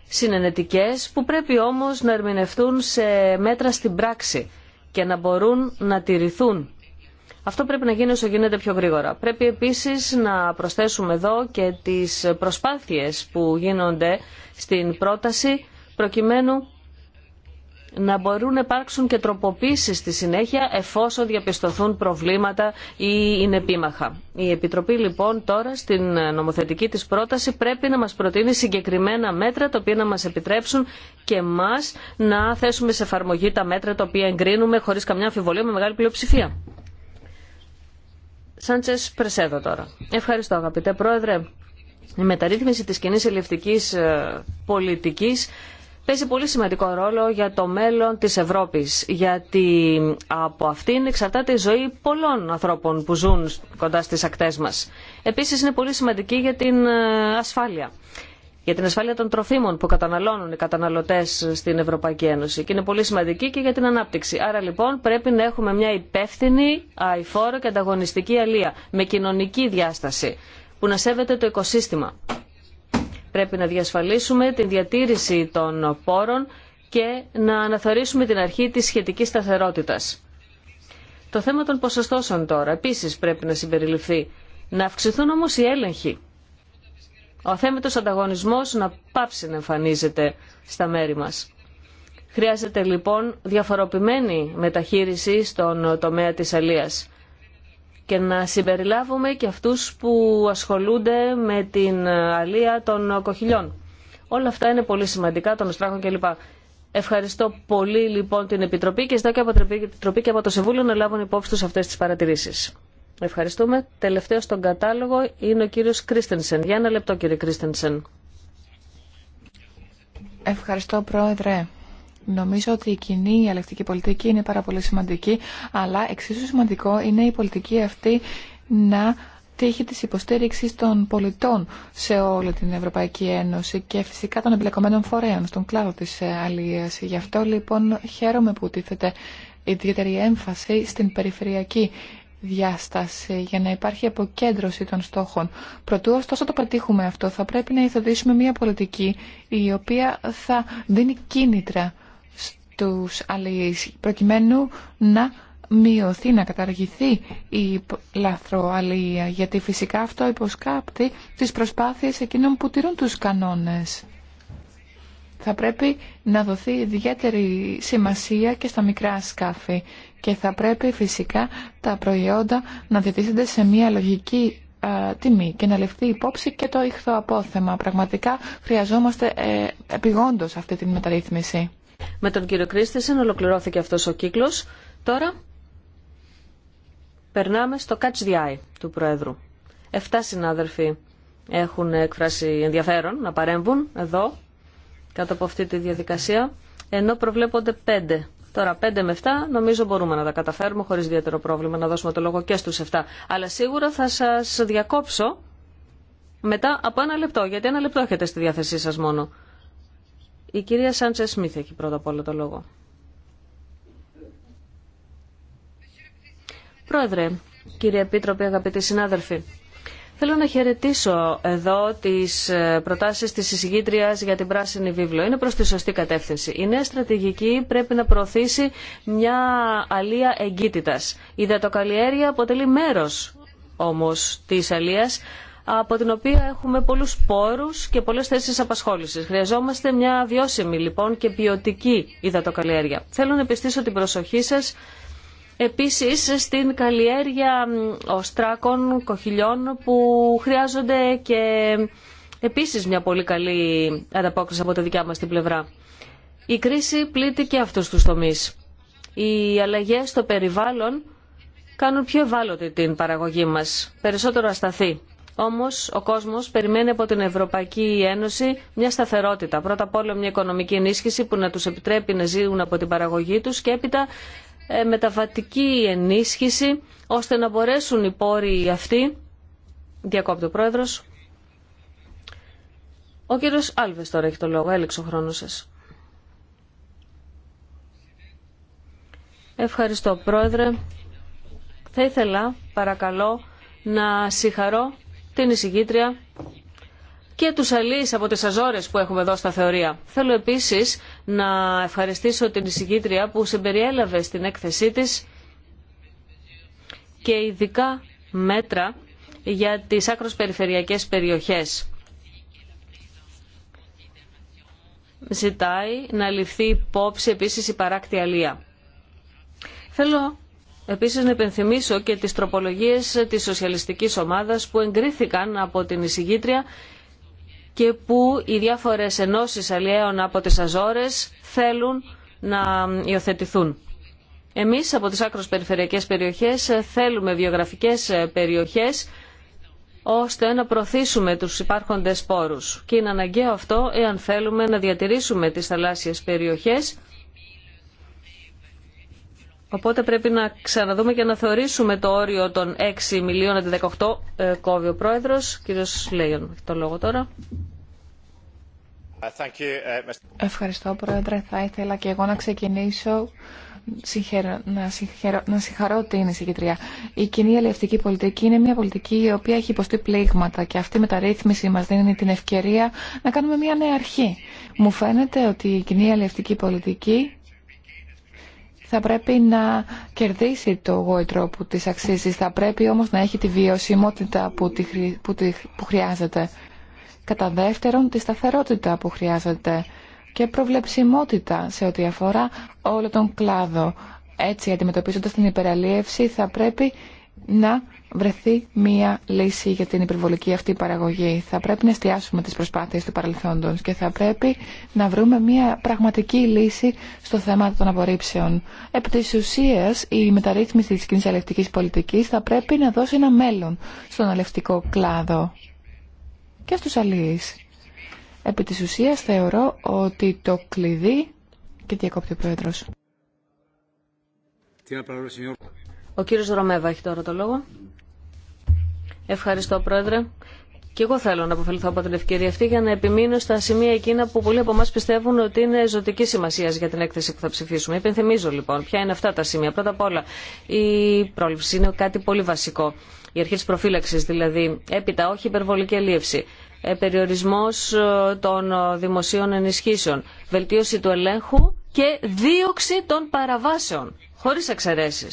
συνενετικές που πρέπει όμως να ερμηνευτούν σε μέτρα στην πράξη και να μπορούν να τηρηθούν. Αυτό πρέπει να γίνει όσο γίνεται πιο γρήγορα. Πρέπει επίσης να προσθέσουμε εδώ και τις προσπάθειες που γίνονται στην πρόταση προκειμένου να μπορούν να υπάρξουν και τροποποίησεις στη συνέχεια εφόσον διαπιστωθούν προβλήματα ή είναι επίμαχα. Η Επιτροπή λοιπόν τώρα στην νομοθετική της πρόταση πρέπει να μας προτείνει συγκεκριμένα μέτρα τα οποία να μας επιτρέψουν και μας να θέσουμε σε εφαρμογή τα μέτρα τα οποία εγκρίνουμε χωρίς καμιά αμφιβολία με μεγάλη πλειοψηφία. Σάντσες Πρεσέδο τώρα. Ευχαριστώ αγαπητέ Πρόεδρε. Η μεταρρύθμιση της κοινή ελευτικής ε, πολιτικής παίζει πολύ σημαντικό ρόλο για το μέλλον της Ευρώπης, γιατί από αυτήν εξαρτάται η ζωή πολλών ανθρώπων που ζουν κοντά στις ακτές μας. Επίσης είναι πολύ σημαντική για την ε, ασφάλεια για την ασφάλεια των τροφίμων που καταναλώνουν οι καταναλωτέ στην Ευρωπαϊκή Ένωση. Και είναι πολύ σημαντική και για την ανάπτυξη. Άρα λοιπόν πρέπει να έχουμε μια υπεύθυνη, αηφόρο και ανταγωνιστική αλεία με κοινωνική διάσταση που να σέβεται το οικοσύστημα. Πρέπει να διασφαλίσουμε την διατήρηση των πόρων και να αναθεωρήσουμε την αρχή της σχετικής σταθερότητας. Το θέμα των ποσοστώσεων τώρα επίσης πρέπει να συμπεριληφθεί. Να αυξηθούν όμως οι έλεγχοι. Ο θέμετος ανταγωνισμός να πάψει να εμφανίζεται στα μέρη μας. Χρειάζεται λοιπόν διαφοροποιημένη μεταχείριση στον τομέα της αλίας και να συμπεριλάβουμε και αυτούς που ασχολούνται με την αλία των κοχυλιών. Όλα αυτά είναι πολύ σημαντικά, των στράχων κλπ. Ευχαριστώ πολύ λοιπόν την Επιτροπή και ζητάω και από την Επιτροπή και από το Συμβούλιο να λάβουν υπόψη τους αυτές τις παρατηρήσεις. Ευχαριστούμε. Τελευταίο στον κατάλογο είναι ο κύριος Κρίστενσεν. Για ένα λεπτό κύριε Κρίστενσεν. Ευχαριστώ πρόεδρε. Νομίζω ότι η κοινή η πολιτική είναι πάρα πολύ σημαντική, αλλά εξίσου σημαντικό είναι η πολιτική αυτή να τύχει της υποστήριξης των πολιτών σε όλη την Ευρωπαϊκή Ένωση και φυσικά των εμπλεκομένων φορέων στον κλάδο της ε, αλληλείας. Γι' αυτό λοιπόν χαίρομαι που τίθεται ιδιαίτερη έμφαση στην περιφερειακή διάσταση για να υπάρχει αποκέντρωση των στόχων. Προτού ωστόσο το πετύχουμε αυτό θα πρέπει να υιοθετήσουμε μια πολιτική η οποία θα δίνει κίνητρα τους αλληλείς προκειμένου να μειωθεί, να καταργηθεί η λαθροαλία γιατί φυσικά αυτό υποσκάπτει τις προσπάθειες εκείνων που τηρούν τους κανόνες. Θα πρέπει να δοθεί ιδιαίτερη σημασία και στα μικρά σκάφη και θα πρέπει φυσικά τα προϊόντα να διατίθενται σε μια λογική τιμή και να ληφθεί υπόψη και το απόθεμα. Πραγματικά χρειαζόμαστε ε, αυτή την μεταρρύθμιση. Με τον κύριο Κρίστησεν ολοκληρώθηκε αυτός ο κύκλος. Τώρα περνάμε στο Catch the Eye του Προέδρου. Εφτά συνάδελφοι έχουν εκφράσει ενδιαφέρον να παρέμβουν εδώ, κάτω από αυτή τη διαδικασία, ενώ προβλέπονται πέντε. Τώρα πέντε με 7 νομίζω μπορούμε να τα καταφέρουμε χωρίς ιδιαίτερο πρόβλημα να δώσουμε το λόγο και στους 7. Αλλά σίγουρα θα σας διακόψω μετά από ένα λεπτό, γιατί ένα λεπτό έχετε στη διάθεσή σας μόνο. Η κυρία Σάντσε Σμίθ έχει πρώτα απ' όλα το λόγο. Πρόεδρε, κύριε Επίτροπε, αγαπητοί συνάδελφοι, θέλω να χαιρετήσω εδώ τις ε, προτάσεις της εισηγήτριας για την πράσινη βίβλο. Είναι προς τη σωστή κατεύθυνση. Η νέα στρατηγική πρέπει να προωθήσει μια αλία εγκύτητας. Η δατοκαλλιέργεια αποτελεί μέρος όμως της αλίας από την οποία έχουμε πολλούς πόρους και πολλές θέσεις απασχόλησης. Χρειαζόμαστε μια βιώσιμη λοιπόν και ποιοτική υδατοκαλλιέργεια. Θέλω να επιστήσω την προσοχή σας επίσης στην καλλιέργεια οστράκων, κοχυλιών που χρειάζονται και επίσης μια πολύ καλή ανταπόκριση από τη δικιά μας την πλευρά. Η κρίση πλήττει και αυτούς τους τομείς. Οι αλλαγές στο περιβάλλον κάνουν πιο ευάλωτη την παραγωγή μας, περισσότερο ασταθή. Όμως ο κόσμος περιμένει από την Ευρωπαϊκή Ένωση μια σταθερότητα. Πρώτα απ' όλα μια οικονομική ενίσχυση που να τους επιτρέπει να ζήσουν από την παραγωγή τους και έπειτα ε, μεταβατική ενίσχυση ώστε να μπορέσουν οι πόροι αυτοί διακόπτει ο πρόεδρος ο κύριος Άλβες τώρα έχει το λόγο έλεξε ο χρόνος σας Ευχαριστώ πρόεδρε θα ήθελα παρακαλώ να συγχαρώ την εισηγήτρια και τους αλείς από τις αζόρες που έχουμε εδώ στα θεωρία. Θέλω επίσης να ευχαριστήσω την εισηγήτρια που συμπεριέλαβε στην έκθεσή της και ειδικά μέτρα για τις άκρος περιφερειακές περιοχές. Ζητάει να ληφθεί υπόψη επίσης η παράκτη αλία. Θέλω Επίσης να υπενθυμίσω και τις τροπολογίες της σοσιαλιστικής ομάδας που εγκρίθηκαν από την εισηγήτρια και που οι διάφορες ενώσεις αλλιέων από τις Αζόρες θέλουν να υιοθετηθούν. Εμείς από τις άκρως περιφερειακές περιοχές θέλουμε βιογραφικές περιοχές ώστε να προωθήσουμε τους υπάρχοντες πόρους. Και είναι αναγκαίο αυτό εάν θέλουμε να διατηρήσουμε τις θαλάσσιες περιοχές Οπότε πρέπει να ξαναδούμε και να θεωρήσουμε το όριο των 6 μιλίων 18. κόβει ο πρόεδρος. Κύριος Λέιον, το λόγο τώρα. Ευχαριστώ πρόεδρε. Θα ήθελα και εγώ να ξεκινήσω να, συγχαρώ να συγχαρώ την εισηγητρία. Η κοινή αλληλευτική πολιτική είναι μια πολιτική η οποία έχει υποστεί πλήγματα και αυτή η μεταρρύθμιση μας δίνει την ευκαιρία να κάνουμε μια νέα αρχή. Μου φαίνεται ότι η κοινή αλληλευτική πολιτική θα πρέπει να κερδίσει το γόητρο που της αξίζει, θα πρέπει όμως να έχει τη βιωσιμότητα που, που, τη, που χρειάζεται. Κατά δεύτερον, τη σταθερότητα που χρειάζεται και προβλεψιμότητα σε ό,τι αφορά όλο τον κλάδο. Έτσι, αντιμετωπίζοντας την υπεραλίευση, θα πρέπει να βρεθεί μία λύση για την υπερβολική αυτή παραγωγή. Θα πρέπει να εστιάσουμε τις προσπάθειες του παρελθόντος και θα πρέπει να βρούμε μία πραγματική λύση στο θέμα των απορρίψεων. Επί της ουσίας, η μεταρρύθμιση της κοινής αλευτικής πολιτικής θα πρέπει να δώσει ένα μέλλον στον αλευτικό κλάδο και στους αλληλείς. Επί της ουσίας θεωρώ ότι το κλειδί και διακόπτει ο Πρόεδρος. Ο κύριος Ρωμέβα έχει τώρα το λόγο. Ευχαριστώ, Πρόεδρε. Και εγώ θέλω να αποφελθώ από την ευκαιρία αυτή για να επιμείνω στα σημεία εκείνα που πολλοί από εμά πιστεύουν ότι είναι ζωτική σημασία για την έκθεση που θα ψηφίσουμε. Υπενθυμίζω λοιπόν ποια είναι αυτά τα σημεία. Πρώτα απ' όλα, η πρόληψη είναι κάτι πολύ βασικό. Η αρχή τη προφύλαξη δηλαδή. Έπειτα, όχι υπερβολική ελίευση. Ε, Περιορισμό ε, των ε, δημοσίων ενισχύσεων. Βελτίωση του ελέγχου και δίωξη των παραβάσεων. Χωρί εξαιρέσει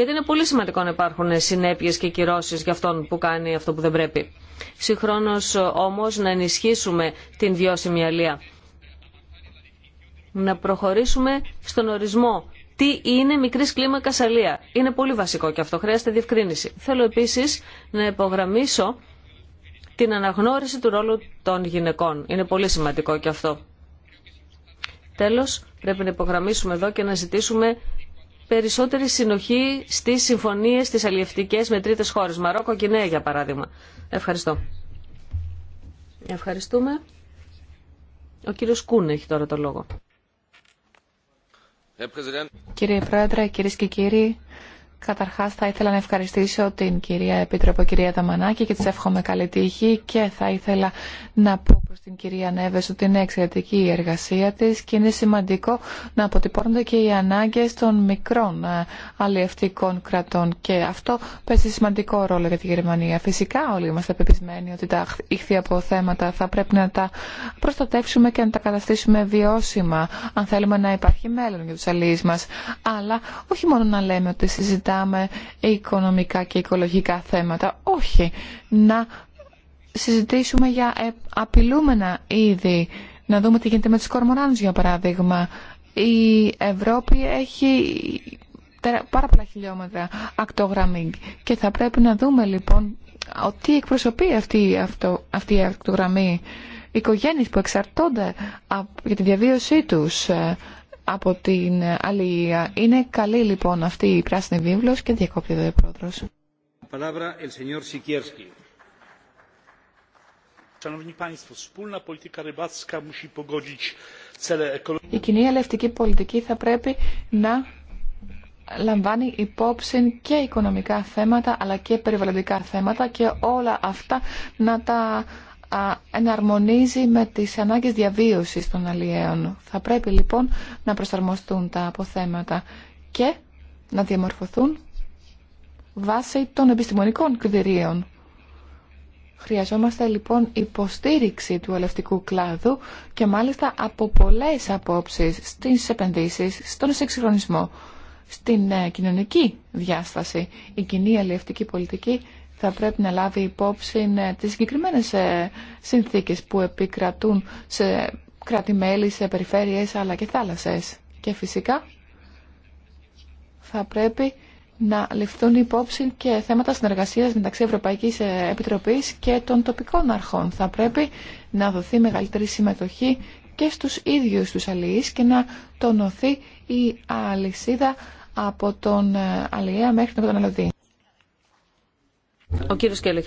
γιατί είναι πολύ σημαντικό να υπάρχουν συνέπειες και κυρώσει για αυτόν που κάνει αυτό που δεν πρέπει. Συγχρόνω όμως να ενισχύσουμε την βιώσιμη αλεία. Να προχωρήσουμε στον ορισμό. Τι είναι μικρή κλίμακα αλεία. Είναι πολύ βασικό και αυτό. Χρειάζεται διευκρίνηση. Θέλω επίσης να υπογραμμίσω την αναγνώριση του ρόλου των γυναικών. Είναι πολύ σημαντικό και αυτό. Τέλος, πρέπει να υπογραμμίσουμε εδώ και να ζητήσουμε περισσότερη συνοχή στις συμφωνίε της αλλιευτικέ με τρίτες χώρες. Μαρόκο και για παράδειγμα. Ευχαριστώ. Ευχαριστούμε. Ο κύριο Κούν έχει τώρα το λόγο. Ε, κύριε Πρόεδρε, κύριε και κύριοι, Καταρχά θα ήθελα να ευχαριστήσω την κυρία Επίτροπο, κυρία Δαμανάκη και τη εύχομαι καλή τύχη και θα ήθελα να πω προ την κυρία Νέβε ότι είναι εξαιρετική η εργασία τη και είναι σημαντικό να αποτυπώνονται και οι ανάγκε των μικρών ε, αλλιευτικών κρατών και αυτό παίζει σημαντικό ρόλο για τη Γερμανία. Φυσικά όλοι είμαστε πεπισμένοι ότι τα ήχθη από θέματα θα πρέπει να τα προστατεύσουμε και να τα καταστήσουμε βιώσιμα αν θέλουμε να υπάρχει μέλλον για του αλλιεί μα. Αλλά όχι μόνο να λέμε ότι συζητάμε συζητάμε οικονομικά και οικολογικά θέματα. Όχι, να συζητήσουμε για ε, απειλούμενα είδη, να δούμε τι γίνεται με τις κορμοράνους για παράδειγμα. Η Ευρώπη έχει πάρα πολλά χιλιόμετρα ακτογραμμή και θα πρέπει να δούμε λοιπόν ότι εκπροσωπεί αυτή, αυτό, αυτή η ακτογραμμή οικογένειες που εξαρτώνται για τη διαβίωσή τους ε, από την άλλη Είναι καλή λοιπόν αυτή η πράσινη βίβλος και διακόπτει εδώ η πρόεδρος. Η κοινή ελευτική πολιτική θα πρέπει να λαμβάνει υπόψη και οικονομικά θέματα αλλά και περιβαλλοντικά θέματα και όλα αυτά να τα εναρμονίζει με τις ανάγκες διαβίωσης των αλλιέων. Θα πρέπει λοιπόν να προσαρμοστούν τα αποθέματα και να διαμορφωθούν βάσει των επιστημονικών κριτηρίων. Χρειαζόμαστε λοιπόν υποστήριξη του ελευτικού κλάδου και μάλιστα από πολλές απόψεις στις επενδύσεις, στον συγχρονισμό, στην ε, κοινωνική διάσταση. Η κοινή ελευτική πολιτική θα πρέπει να λάβει υπόψη ε, τις συγκεκριμένες ε, συνθήκες που επικρατούν σε κράτη-μέλη, σε περιφέρειες αλλά και θάλασσες. Και φυσικά θα πρέπει να ληφθούν υπόψη και θέματα συνεργασίας μεταξύ Ευρωπαϊκής ε, Επιτροπής και των τοπικών αρχών. Θα πρέπει να δοθεί μεγαλύτερη συμμετοχή και στους ίδιους τους αλληλείς και να τονωθεί η αλυσίδα από τον αλληλέα μέχρι τον καταναλωτή. Ο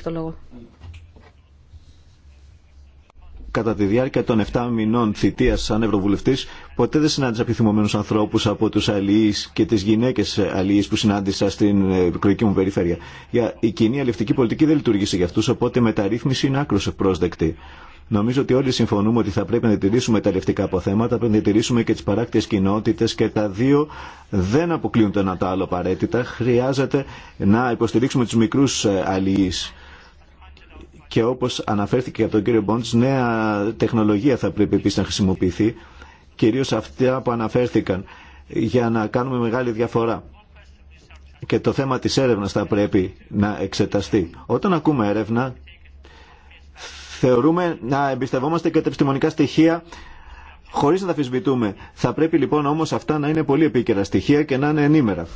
το Κατά τη διάρκεια των 7 μηνών θητείας σαν Ευρωβουλευτή, ποτέ δεν συνάντησα επιθυμωμένους ανθρώπου από τους αλληλείς και τις γυναίκες αλληλείς που συνάντησα στην ε, εκλογική μου περιφέρεια. Η κοινή αλληλευτική πολιτική δεν λειτουργήσε για αυτούς οπότε μεταρρύθμιση είναι άκρο ευπρόσδεκτη. Νομίζω ότι όλοι συμφωνούμε ότι θα πρέπει να διατηρήσουμε τα λευτικά αποθέματα, πρέπει να διατηρήσουμε και τι παράκτιε κοινότητε και τα δύο δεν αποκλείουν το ένα το άλλο απαραίτητα. Χρειάζεται να υποστηρίξουμε του μικρού ε, αλληλεί. Και όπω αναφέρθηκε από τον κύριο Μπόντ, νέα τεχνολογία θα πρέπει επίση να χρησιμοποιηθεί, κυρίω αυτά που αναφέρθηκαν, για να κάνουμε μεγάλη διαφορά και το θέμα της έρευνας θα πρέπει να εξεταστεί. Όταν ακούμε έρευνα, Θεωρούμε να εμπιστευόμαστε και τα επιστημονικά στοιχεία χωρίς να τα αφισβητούμε. Θα πρέπει λοιπόν όμως αυτά να είναι πολύ επίκαιρα στοιχεία και να είναι ενήμερα.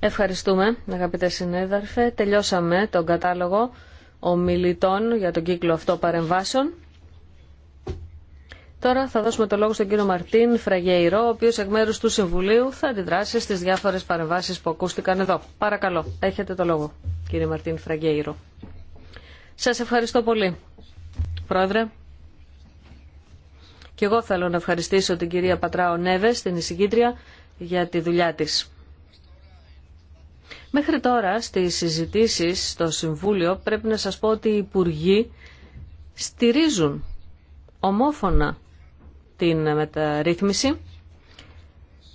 Ευχαριστούμε αγαπητέ συνέδαρφε. Τελειώσαμε τον κατάλογο ομιλητών για τον κύκλο αυτό παρεμβάσεων. Τώρα θα δώσουμε το λόγο στον κύριο Μαρτίν Φραγέιρο, ο οποίος εκ μέρους του Συμβουλίου θα αντιδράσει στις διάφορες παρεμβάσεις που ακούστηκαν εδώ. Παρακαλώ, έχετε το λόγο, κύριε Μαρτίν Φραγέιρο. Σας ευχαριστώ πολύ, Πρόεδρε. Και εγώ θέλω να ευχαριστήσω την κυρία Πατράο Νέβες, την εισηγήτρια, για τη δουλειά της. Μέχρι τώρα στις συζητήσεις στο Συμβούλιο πρέπει να σας πω ότι οι Υπουργοί στηρίζουν ομόφωνα την μεταρρύθμιση,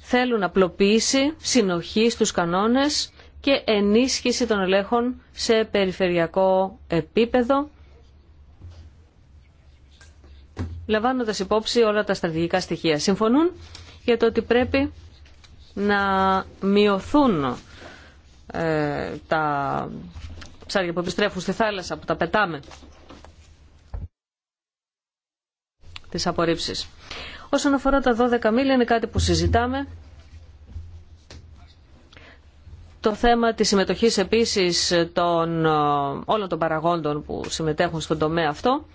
θέλουν απλοποίηση, συνοχή στους κανόνες και ενίσχυση των ελέγχων σε περιφερειακό επίπεδο Λαμβάνοντα υπόψη όλα τα στρατηγικά στοιχεία. Συμφωνούν για το ότι πρέπει να μειωθούν ε, τα ψάρια που επιστρέφουν στη θάλασσα, που τα πετάμε, τις απορρίψεις. Όσον αφορά τα 12 μίλια, είναι κάτι που συζητάμε. Το θέμα της συμμετοχής επίσης των, ε, όλων των παραγόντων που συμμετέχουν στον τομέα αυτό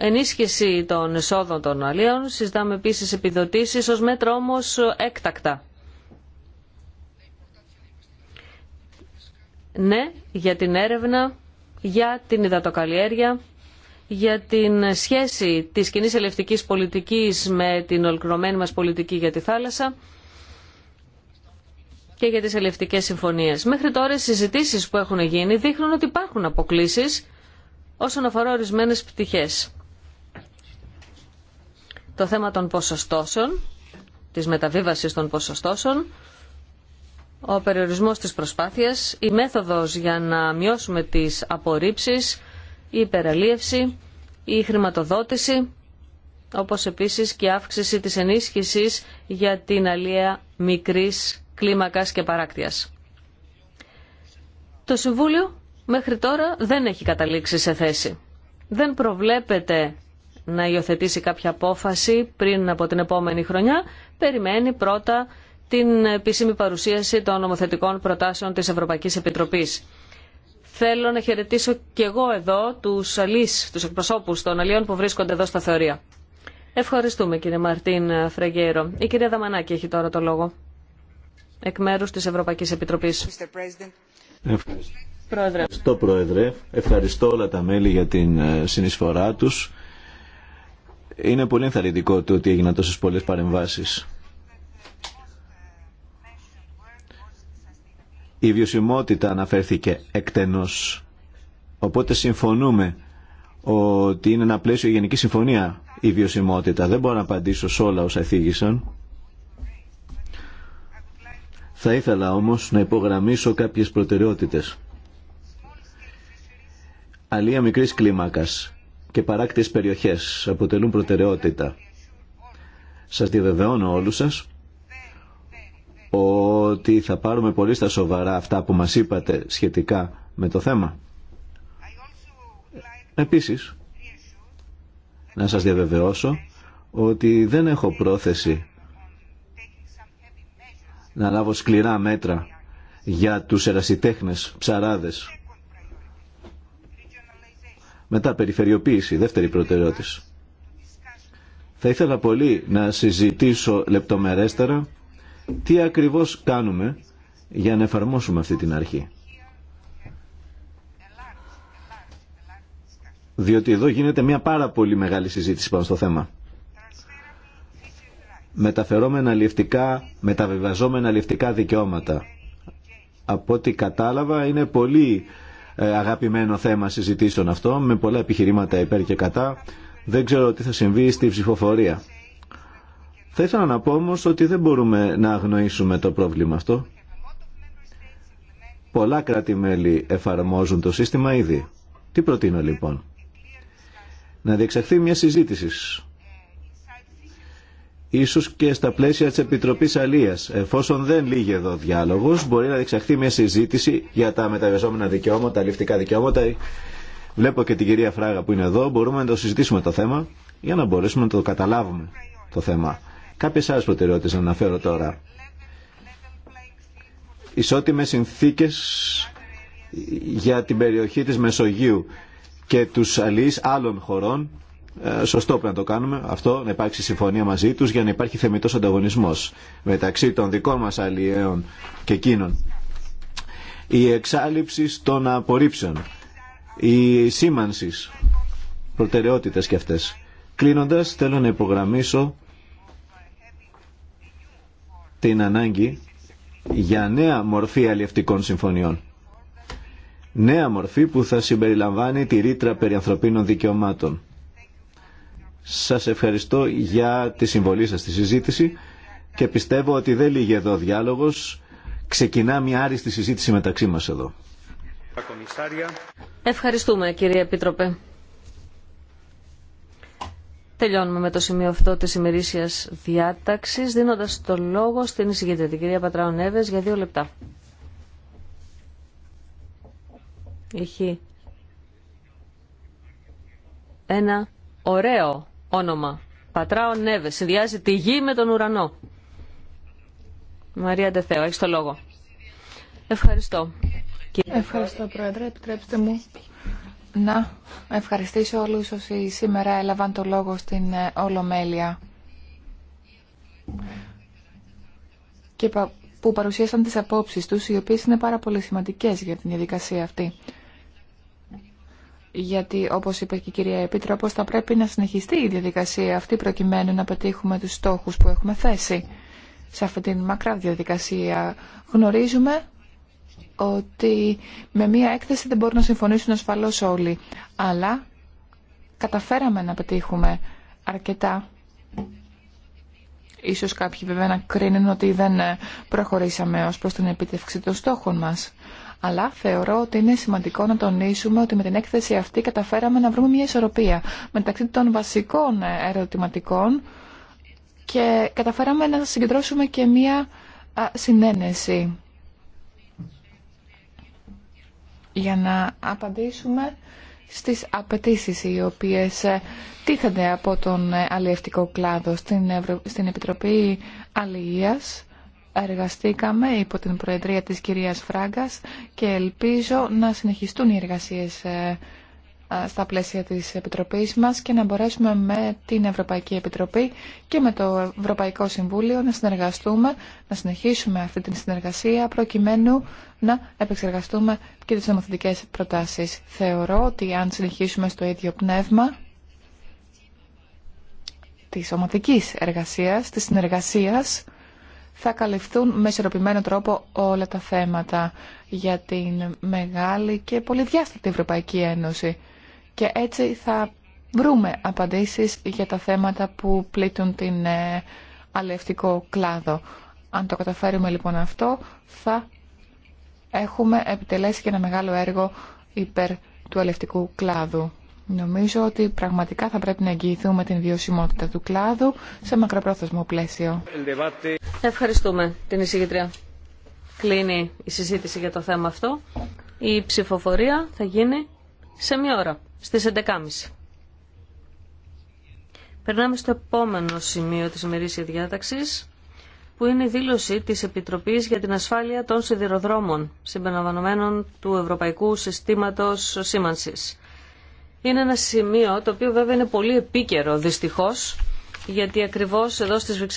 ενίσχυση των εσόδων των αλλιών, συζητάμε επίση επιδοτήσεις ως μέτρο όμω έκτακτα. Ναι, για την έρευνα, για την υδατοκαλλιέργεια, για την σχέση της κοινή ελευτική πολιτικής με την ολοκληρωμένη μας πολιτική για τη θάλασσα και για τις ελευτικέ συμφωνίες. Μέχρι τώρα οι συζητήσεις που έχουν γίνει δείχνουν ότι υπάρχουν αποκλήσεις όσον αφορά ορισμένες πτυχές το θέμα των ποσοστώσεων, της μεταβίβασης των ποσοστώσεων, ο περιορισμός της προσπάθειας, η μέθοδος για να μειώσουμε τις απορρίψεις, η υπεραλίευση, η χρηματοδότηση, όπως επίσης και η αύξηση της ενίσχυσης για την αλία μικρής κλίμακας και παράκτειας. Το Συμβούλιο μέχρι τώρα δεν έχει καταλήξει σε θέση. Δεν προβλέπεται να υιοθετήσει κάποια απόφαση πριν από την επόμενη χρονιά, περιμένει πρώτα την επίσημη παρουσίαση των νομοθετικών προτάσεων της Ευρωπαϊκής Επιτροπής. Θέλω να χαιρετήσω και εγώ εδώ τους αλείς, τους εκπροσώπους των αλλιών που βρίσκονται εδώ στα θεωρία. Ευχαριστούμε κύριε Μαρτίν Φρεγέρο. Η κυρία Δαμανάκη έχει τώρα το λόγο. Εκ μέρους της Ευρωπαϊκής Επιτροπής. Ευχαριστώ Πρόεδρε. Ευχαριστώ Πρόεδρε. Ευχαριστώ όλα τα μέλη για την ε, συνεισφορά τους είναι πολύ ενθαρρυντικό το ότι έγιναν τόσες πολλές παρεμβάσεις. Η βιωσιμότητα αναφέρθηκε εκτενώς. Οπότε συμφωνούμε ότι είναι ένα πλαίσιο γενική συμφωνία η βιωσιμότητα. Δεν μπορώ να απαντήσω σε όλα όσα εθίγησαν. Θα ήθελα όμως να υπογραμμίσω κάποιες προτεραιότητες. Αλία μικρής κλίμακας και παράκτιες περιοχές αποτελούν προτεραιότητα. Σας διαβεβαιώνω όλους σας ότι θα πάρουμε πολύ στα σοβαρά αυτά που μας είπατε σχετικά με το θέμα. Επίσης, να σας διαβεβαιώσω ότι δεν έχω πρόθεση να λάβω σκληρά μέτρα για τους ερασιτέχνες ψαράδες μετά, περιφερειοποίηση, δεύτερη προτεραιότητα. Θα ήθελα πολύ να συζητήσω λεπτομερέστερα τι ακριβώς κάνουμε για να εφαρμόσουμε αυτή την αρχή. Διότι εδώ γίνεται μια πάρα πολύ μεγάλη συζήτηση πάνω στο θέμα. Μεταφερόμενα ληφτικά, μεταβιβαζόμενα ληφτικά δικαιώματα. Από ό,τι κατάλαβα είναι πολύ ε, αγαπημένο θέμα συζητήσεων αυτό, με πολλά επιχειρήματα υπέρ και κατά. Δεν ξέρω τι θα συμβεί στη ψηφοφορία. Θα ήθελα να πω όμως ότι δεν μπορούμε να αγνοήσουμε το πρόβλημα αυτό. Πολλά κράτη-μέλη εφαρμόζουν το σύστημα ήδη. Τι προτείνω λοιπόν. Να διεξαχθεί μια συζήτηση ίσως και στα πλαίσια της Επιτροπής Αλίας. Εφόσον δεν λύγει εδώ διάλογος, μπορεί να διεξαχθεί μια συζήτηση για τα μεταβιαζόμενα δικαιώματα, τα ληφτικά δικαιώματα. Βλέπω και την κυρία Φράγα που είναι εδώ, μπορούμε να το συζητήσουμε το θέμα για να μπορέσουμε να το καταλάβουμε το θέμα. Κάποιες άλλες προτεραιότητε, να αναφέρω τώρα. Ισότιμες συνθήκε για την περιοχή τη Μεσογείου και του αλληλεί άλλων χωρών ε, σωστό πρέπει να το κάνουμε αυτό, να υπάρξει συμφωνία μαζί τους για να υπάρχει θεμητός ανταγωνισμός μεταξύ των δικών μας αλλιέων και εκείνων. Η εξάλληψη των απορρίψεων, η σήμανση προτεραιότητες και αυτές. Κλείνοντας, θέλω να υπογραμμίσω την ανάγκη για νέα μορφή αλλιευτικών συμφωνιών. Νέα μορφή που θα συμπεριλαμβάνει τη ρήτρα περί ανθρωπίνων δικαιωμάτων σας ευχαριστώ για τη συμβολή σας στη συζήτηση και πιστεύω ότι δεν λύγει εδώ ο διάλογος. Ξεκινά μια άριστη συζήτηση μεταξύ μας εδώ. Ευχαριστούμε κύριε Επίτροπε. Τελειώνουμε με το σημείο αυτό της ημερήσιας διάταξης, δίνοντας το λόγο στην εισηγήτρια, την κυρία Πατράου Νέβες, για δύο λεπτά. Έχει ένα ωραίο όνομα. Πατράο Νέβε. Ναι, συνδυάζει τη γη με τον ουρανό. Μαρία Ντεθέο, έχει το λόγο. Ευχαριστώ. Ευχαριστώ, Πρόεδρε. Επιτρέψτε μου να ευχαριστήσω όλους όσοι σήμερα έλαβαν το λόγο στην ε, Ολομέλεια και που παρουσίασαν τις απόψεις τους, οι οποίες είναι πάρα πολύ σημαντικές για την διαδικασία αυτή γιατί όπως είπε και η κυρία Επίτροπο, θα πρέπει να συνεχιστεί η διαδικασία αυτή προκειμένου να πετύχουμε τους στόχους που έχουμε θέσει σε αυτή τη μακρά διαδικασία. Γνωρίζουμε ότι με μία έκθεση δεν μπορούν να συμφωνήσουν ασφαλώς όλοι, αλλά καταφέραμε να πετύχουμε αρκετά. Ίσως κάποιοι βέβαια να κρίνουν ότι δεν προχωρήσαμε ως προς την επίτευξη των στόχων μας. Αλλά θεωρώ ότι είναι σημαντικό να τονίσουμε ότι με την έκθεση αυτή καταφέραμε να βρούμε μια ισορροπία μεταξύ των βασικών ερωτηματικών και καταφέραμε να συγκεντρώσουμε και μια συνένεση για να απαντήσουμε στις απαιτήσει οι οποίες ε, τίθενται από τον ε, αλλιευτικό κλάδο στην, στην Επιτροπή Αλληλείας εργαστήκαμε υπό την Προεδρία της κυρίας Φράγκας και ελπίζω να συνεχιστούν οι εργασίες ε, στα πλαίσια της Επιτροπής μας και να μπορέσουμε με την Ευρωπαϊκή Επιτροπή και με το Ευρωπαϊκό Συμβούλιο να συνεργαστούμε, να συνεχίσουμε αυτή την συνεργασία προκειμένου να επεξεργαστούμε και τις νομοθετικές προτάσεις. Θεωρώ ότι αν συνεχίσουμε στο ίδιο πνεύμα της ομαδικής εργασίας, της συνεργασίας, θα καλυφθούν με ισορροπημένο τρόπο όλα τα θέματα για την μεγάλη και πολυδιάστατη Ευρωπαϊκή Ένωση. Και έτσι θα βρούμε απαντήσεις για τα θέματα που πλήττουν την ε, αλευτικό κλάδο. Αν το καταφέρουμε λοιπόν αυτό, θα έχουμε επιτελέσει και ένα μεγάλο έργο υπέρ του αλευτικού κλάδου. Νομίζω ότι πραγματικά θα πρέπει να εγγυηθούμε την βιωσιμότητα του κλάδου σε μακροπρόθεσμο πλαίσιο. Ευχαριστούμε την εισηγητρία. Κλείνει η συζήτηση για το θέμα αυτό. Η ψηφοφορία θα γίνει σε μία ώρα, στις 11.30. Περνάμε στο επόμενο σημείο της ημερήσια διάταξης, που είναι η δήλωση της Επιτροπής για την Ασφάλεια των Σιδηροδρόμων, συμπεριλαμβανομένων του Ευρωπαϊκού Συστήματος Σήμανσης είναι ένα σημείο το οποίο βέβαια είναι πολύ επίκαιρο δυστυχώς γιατί ακριβώς εδώ στις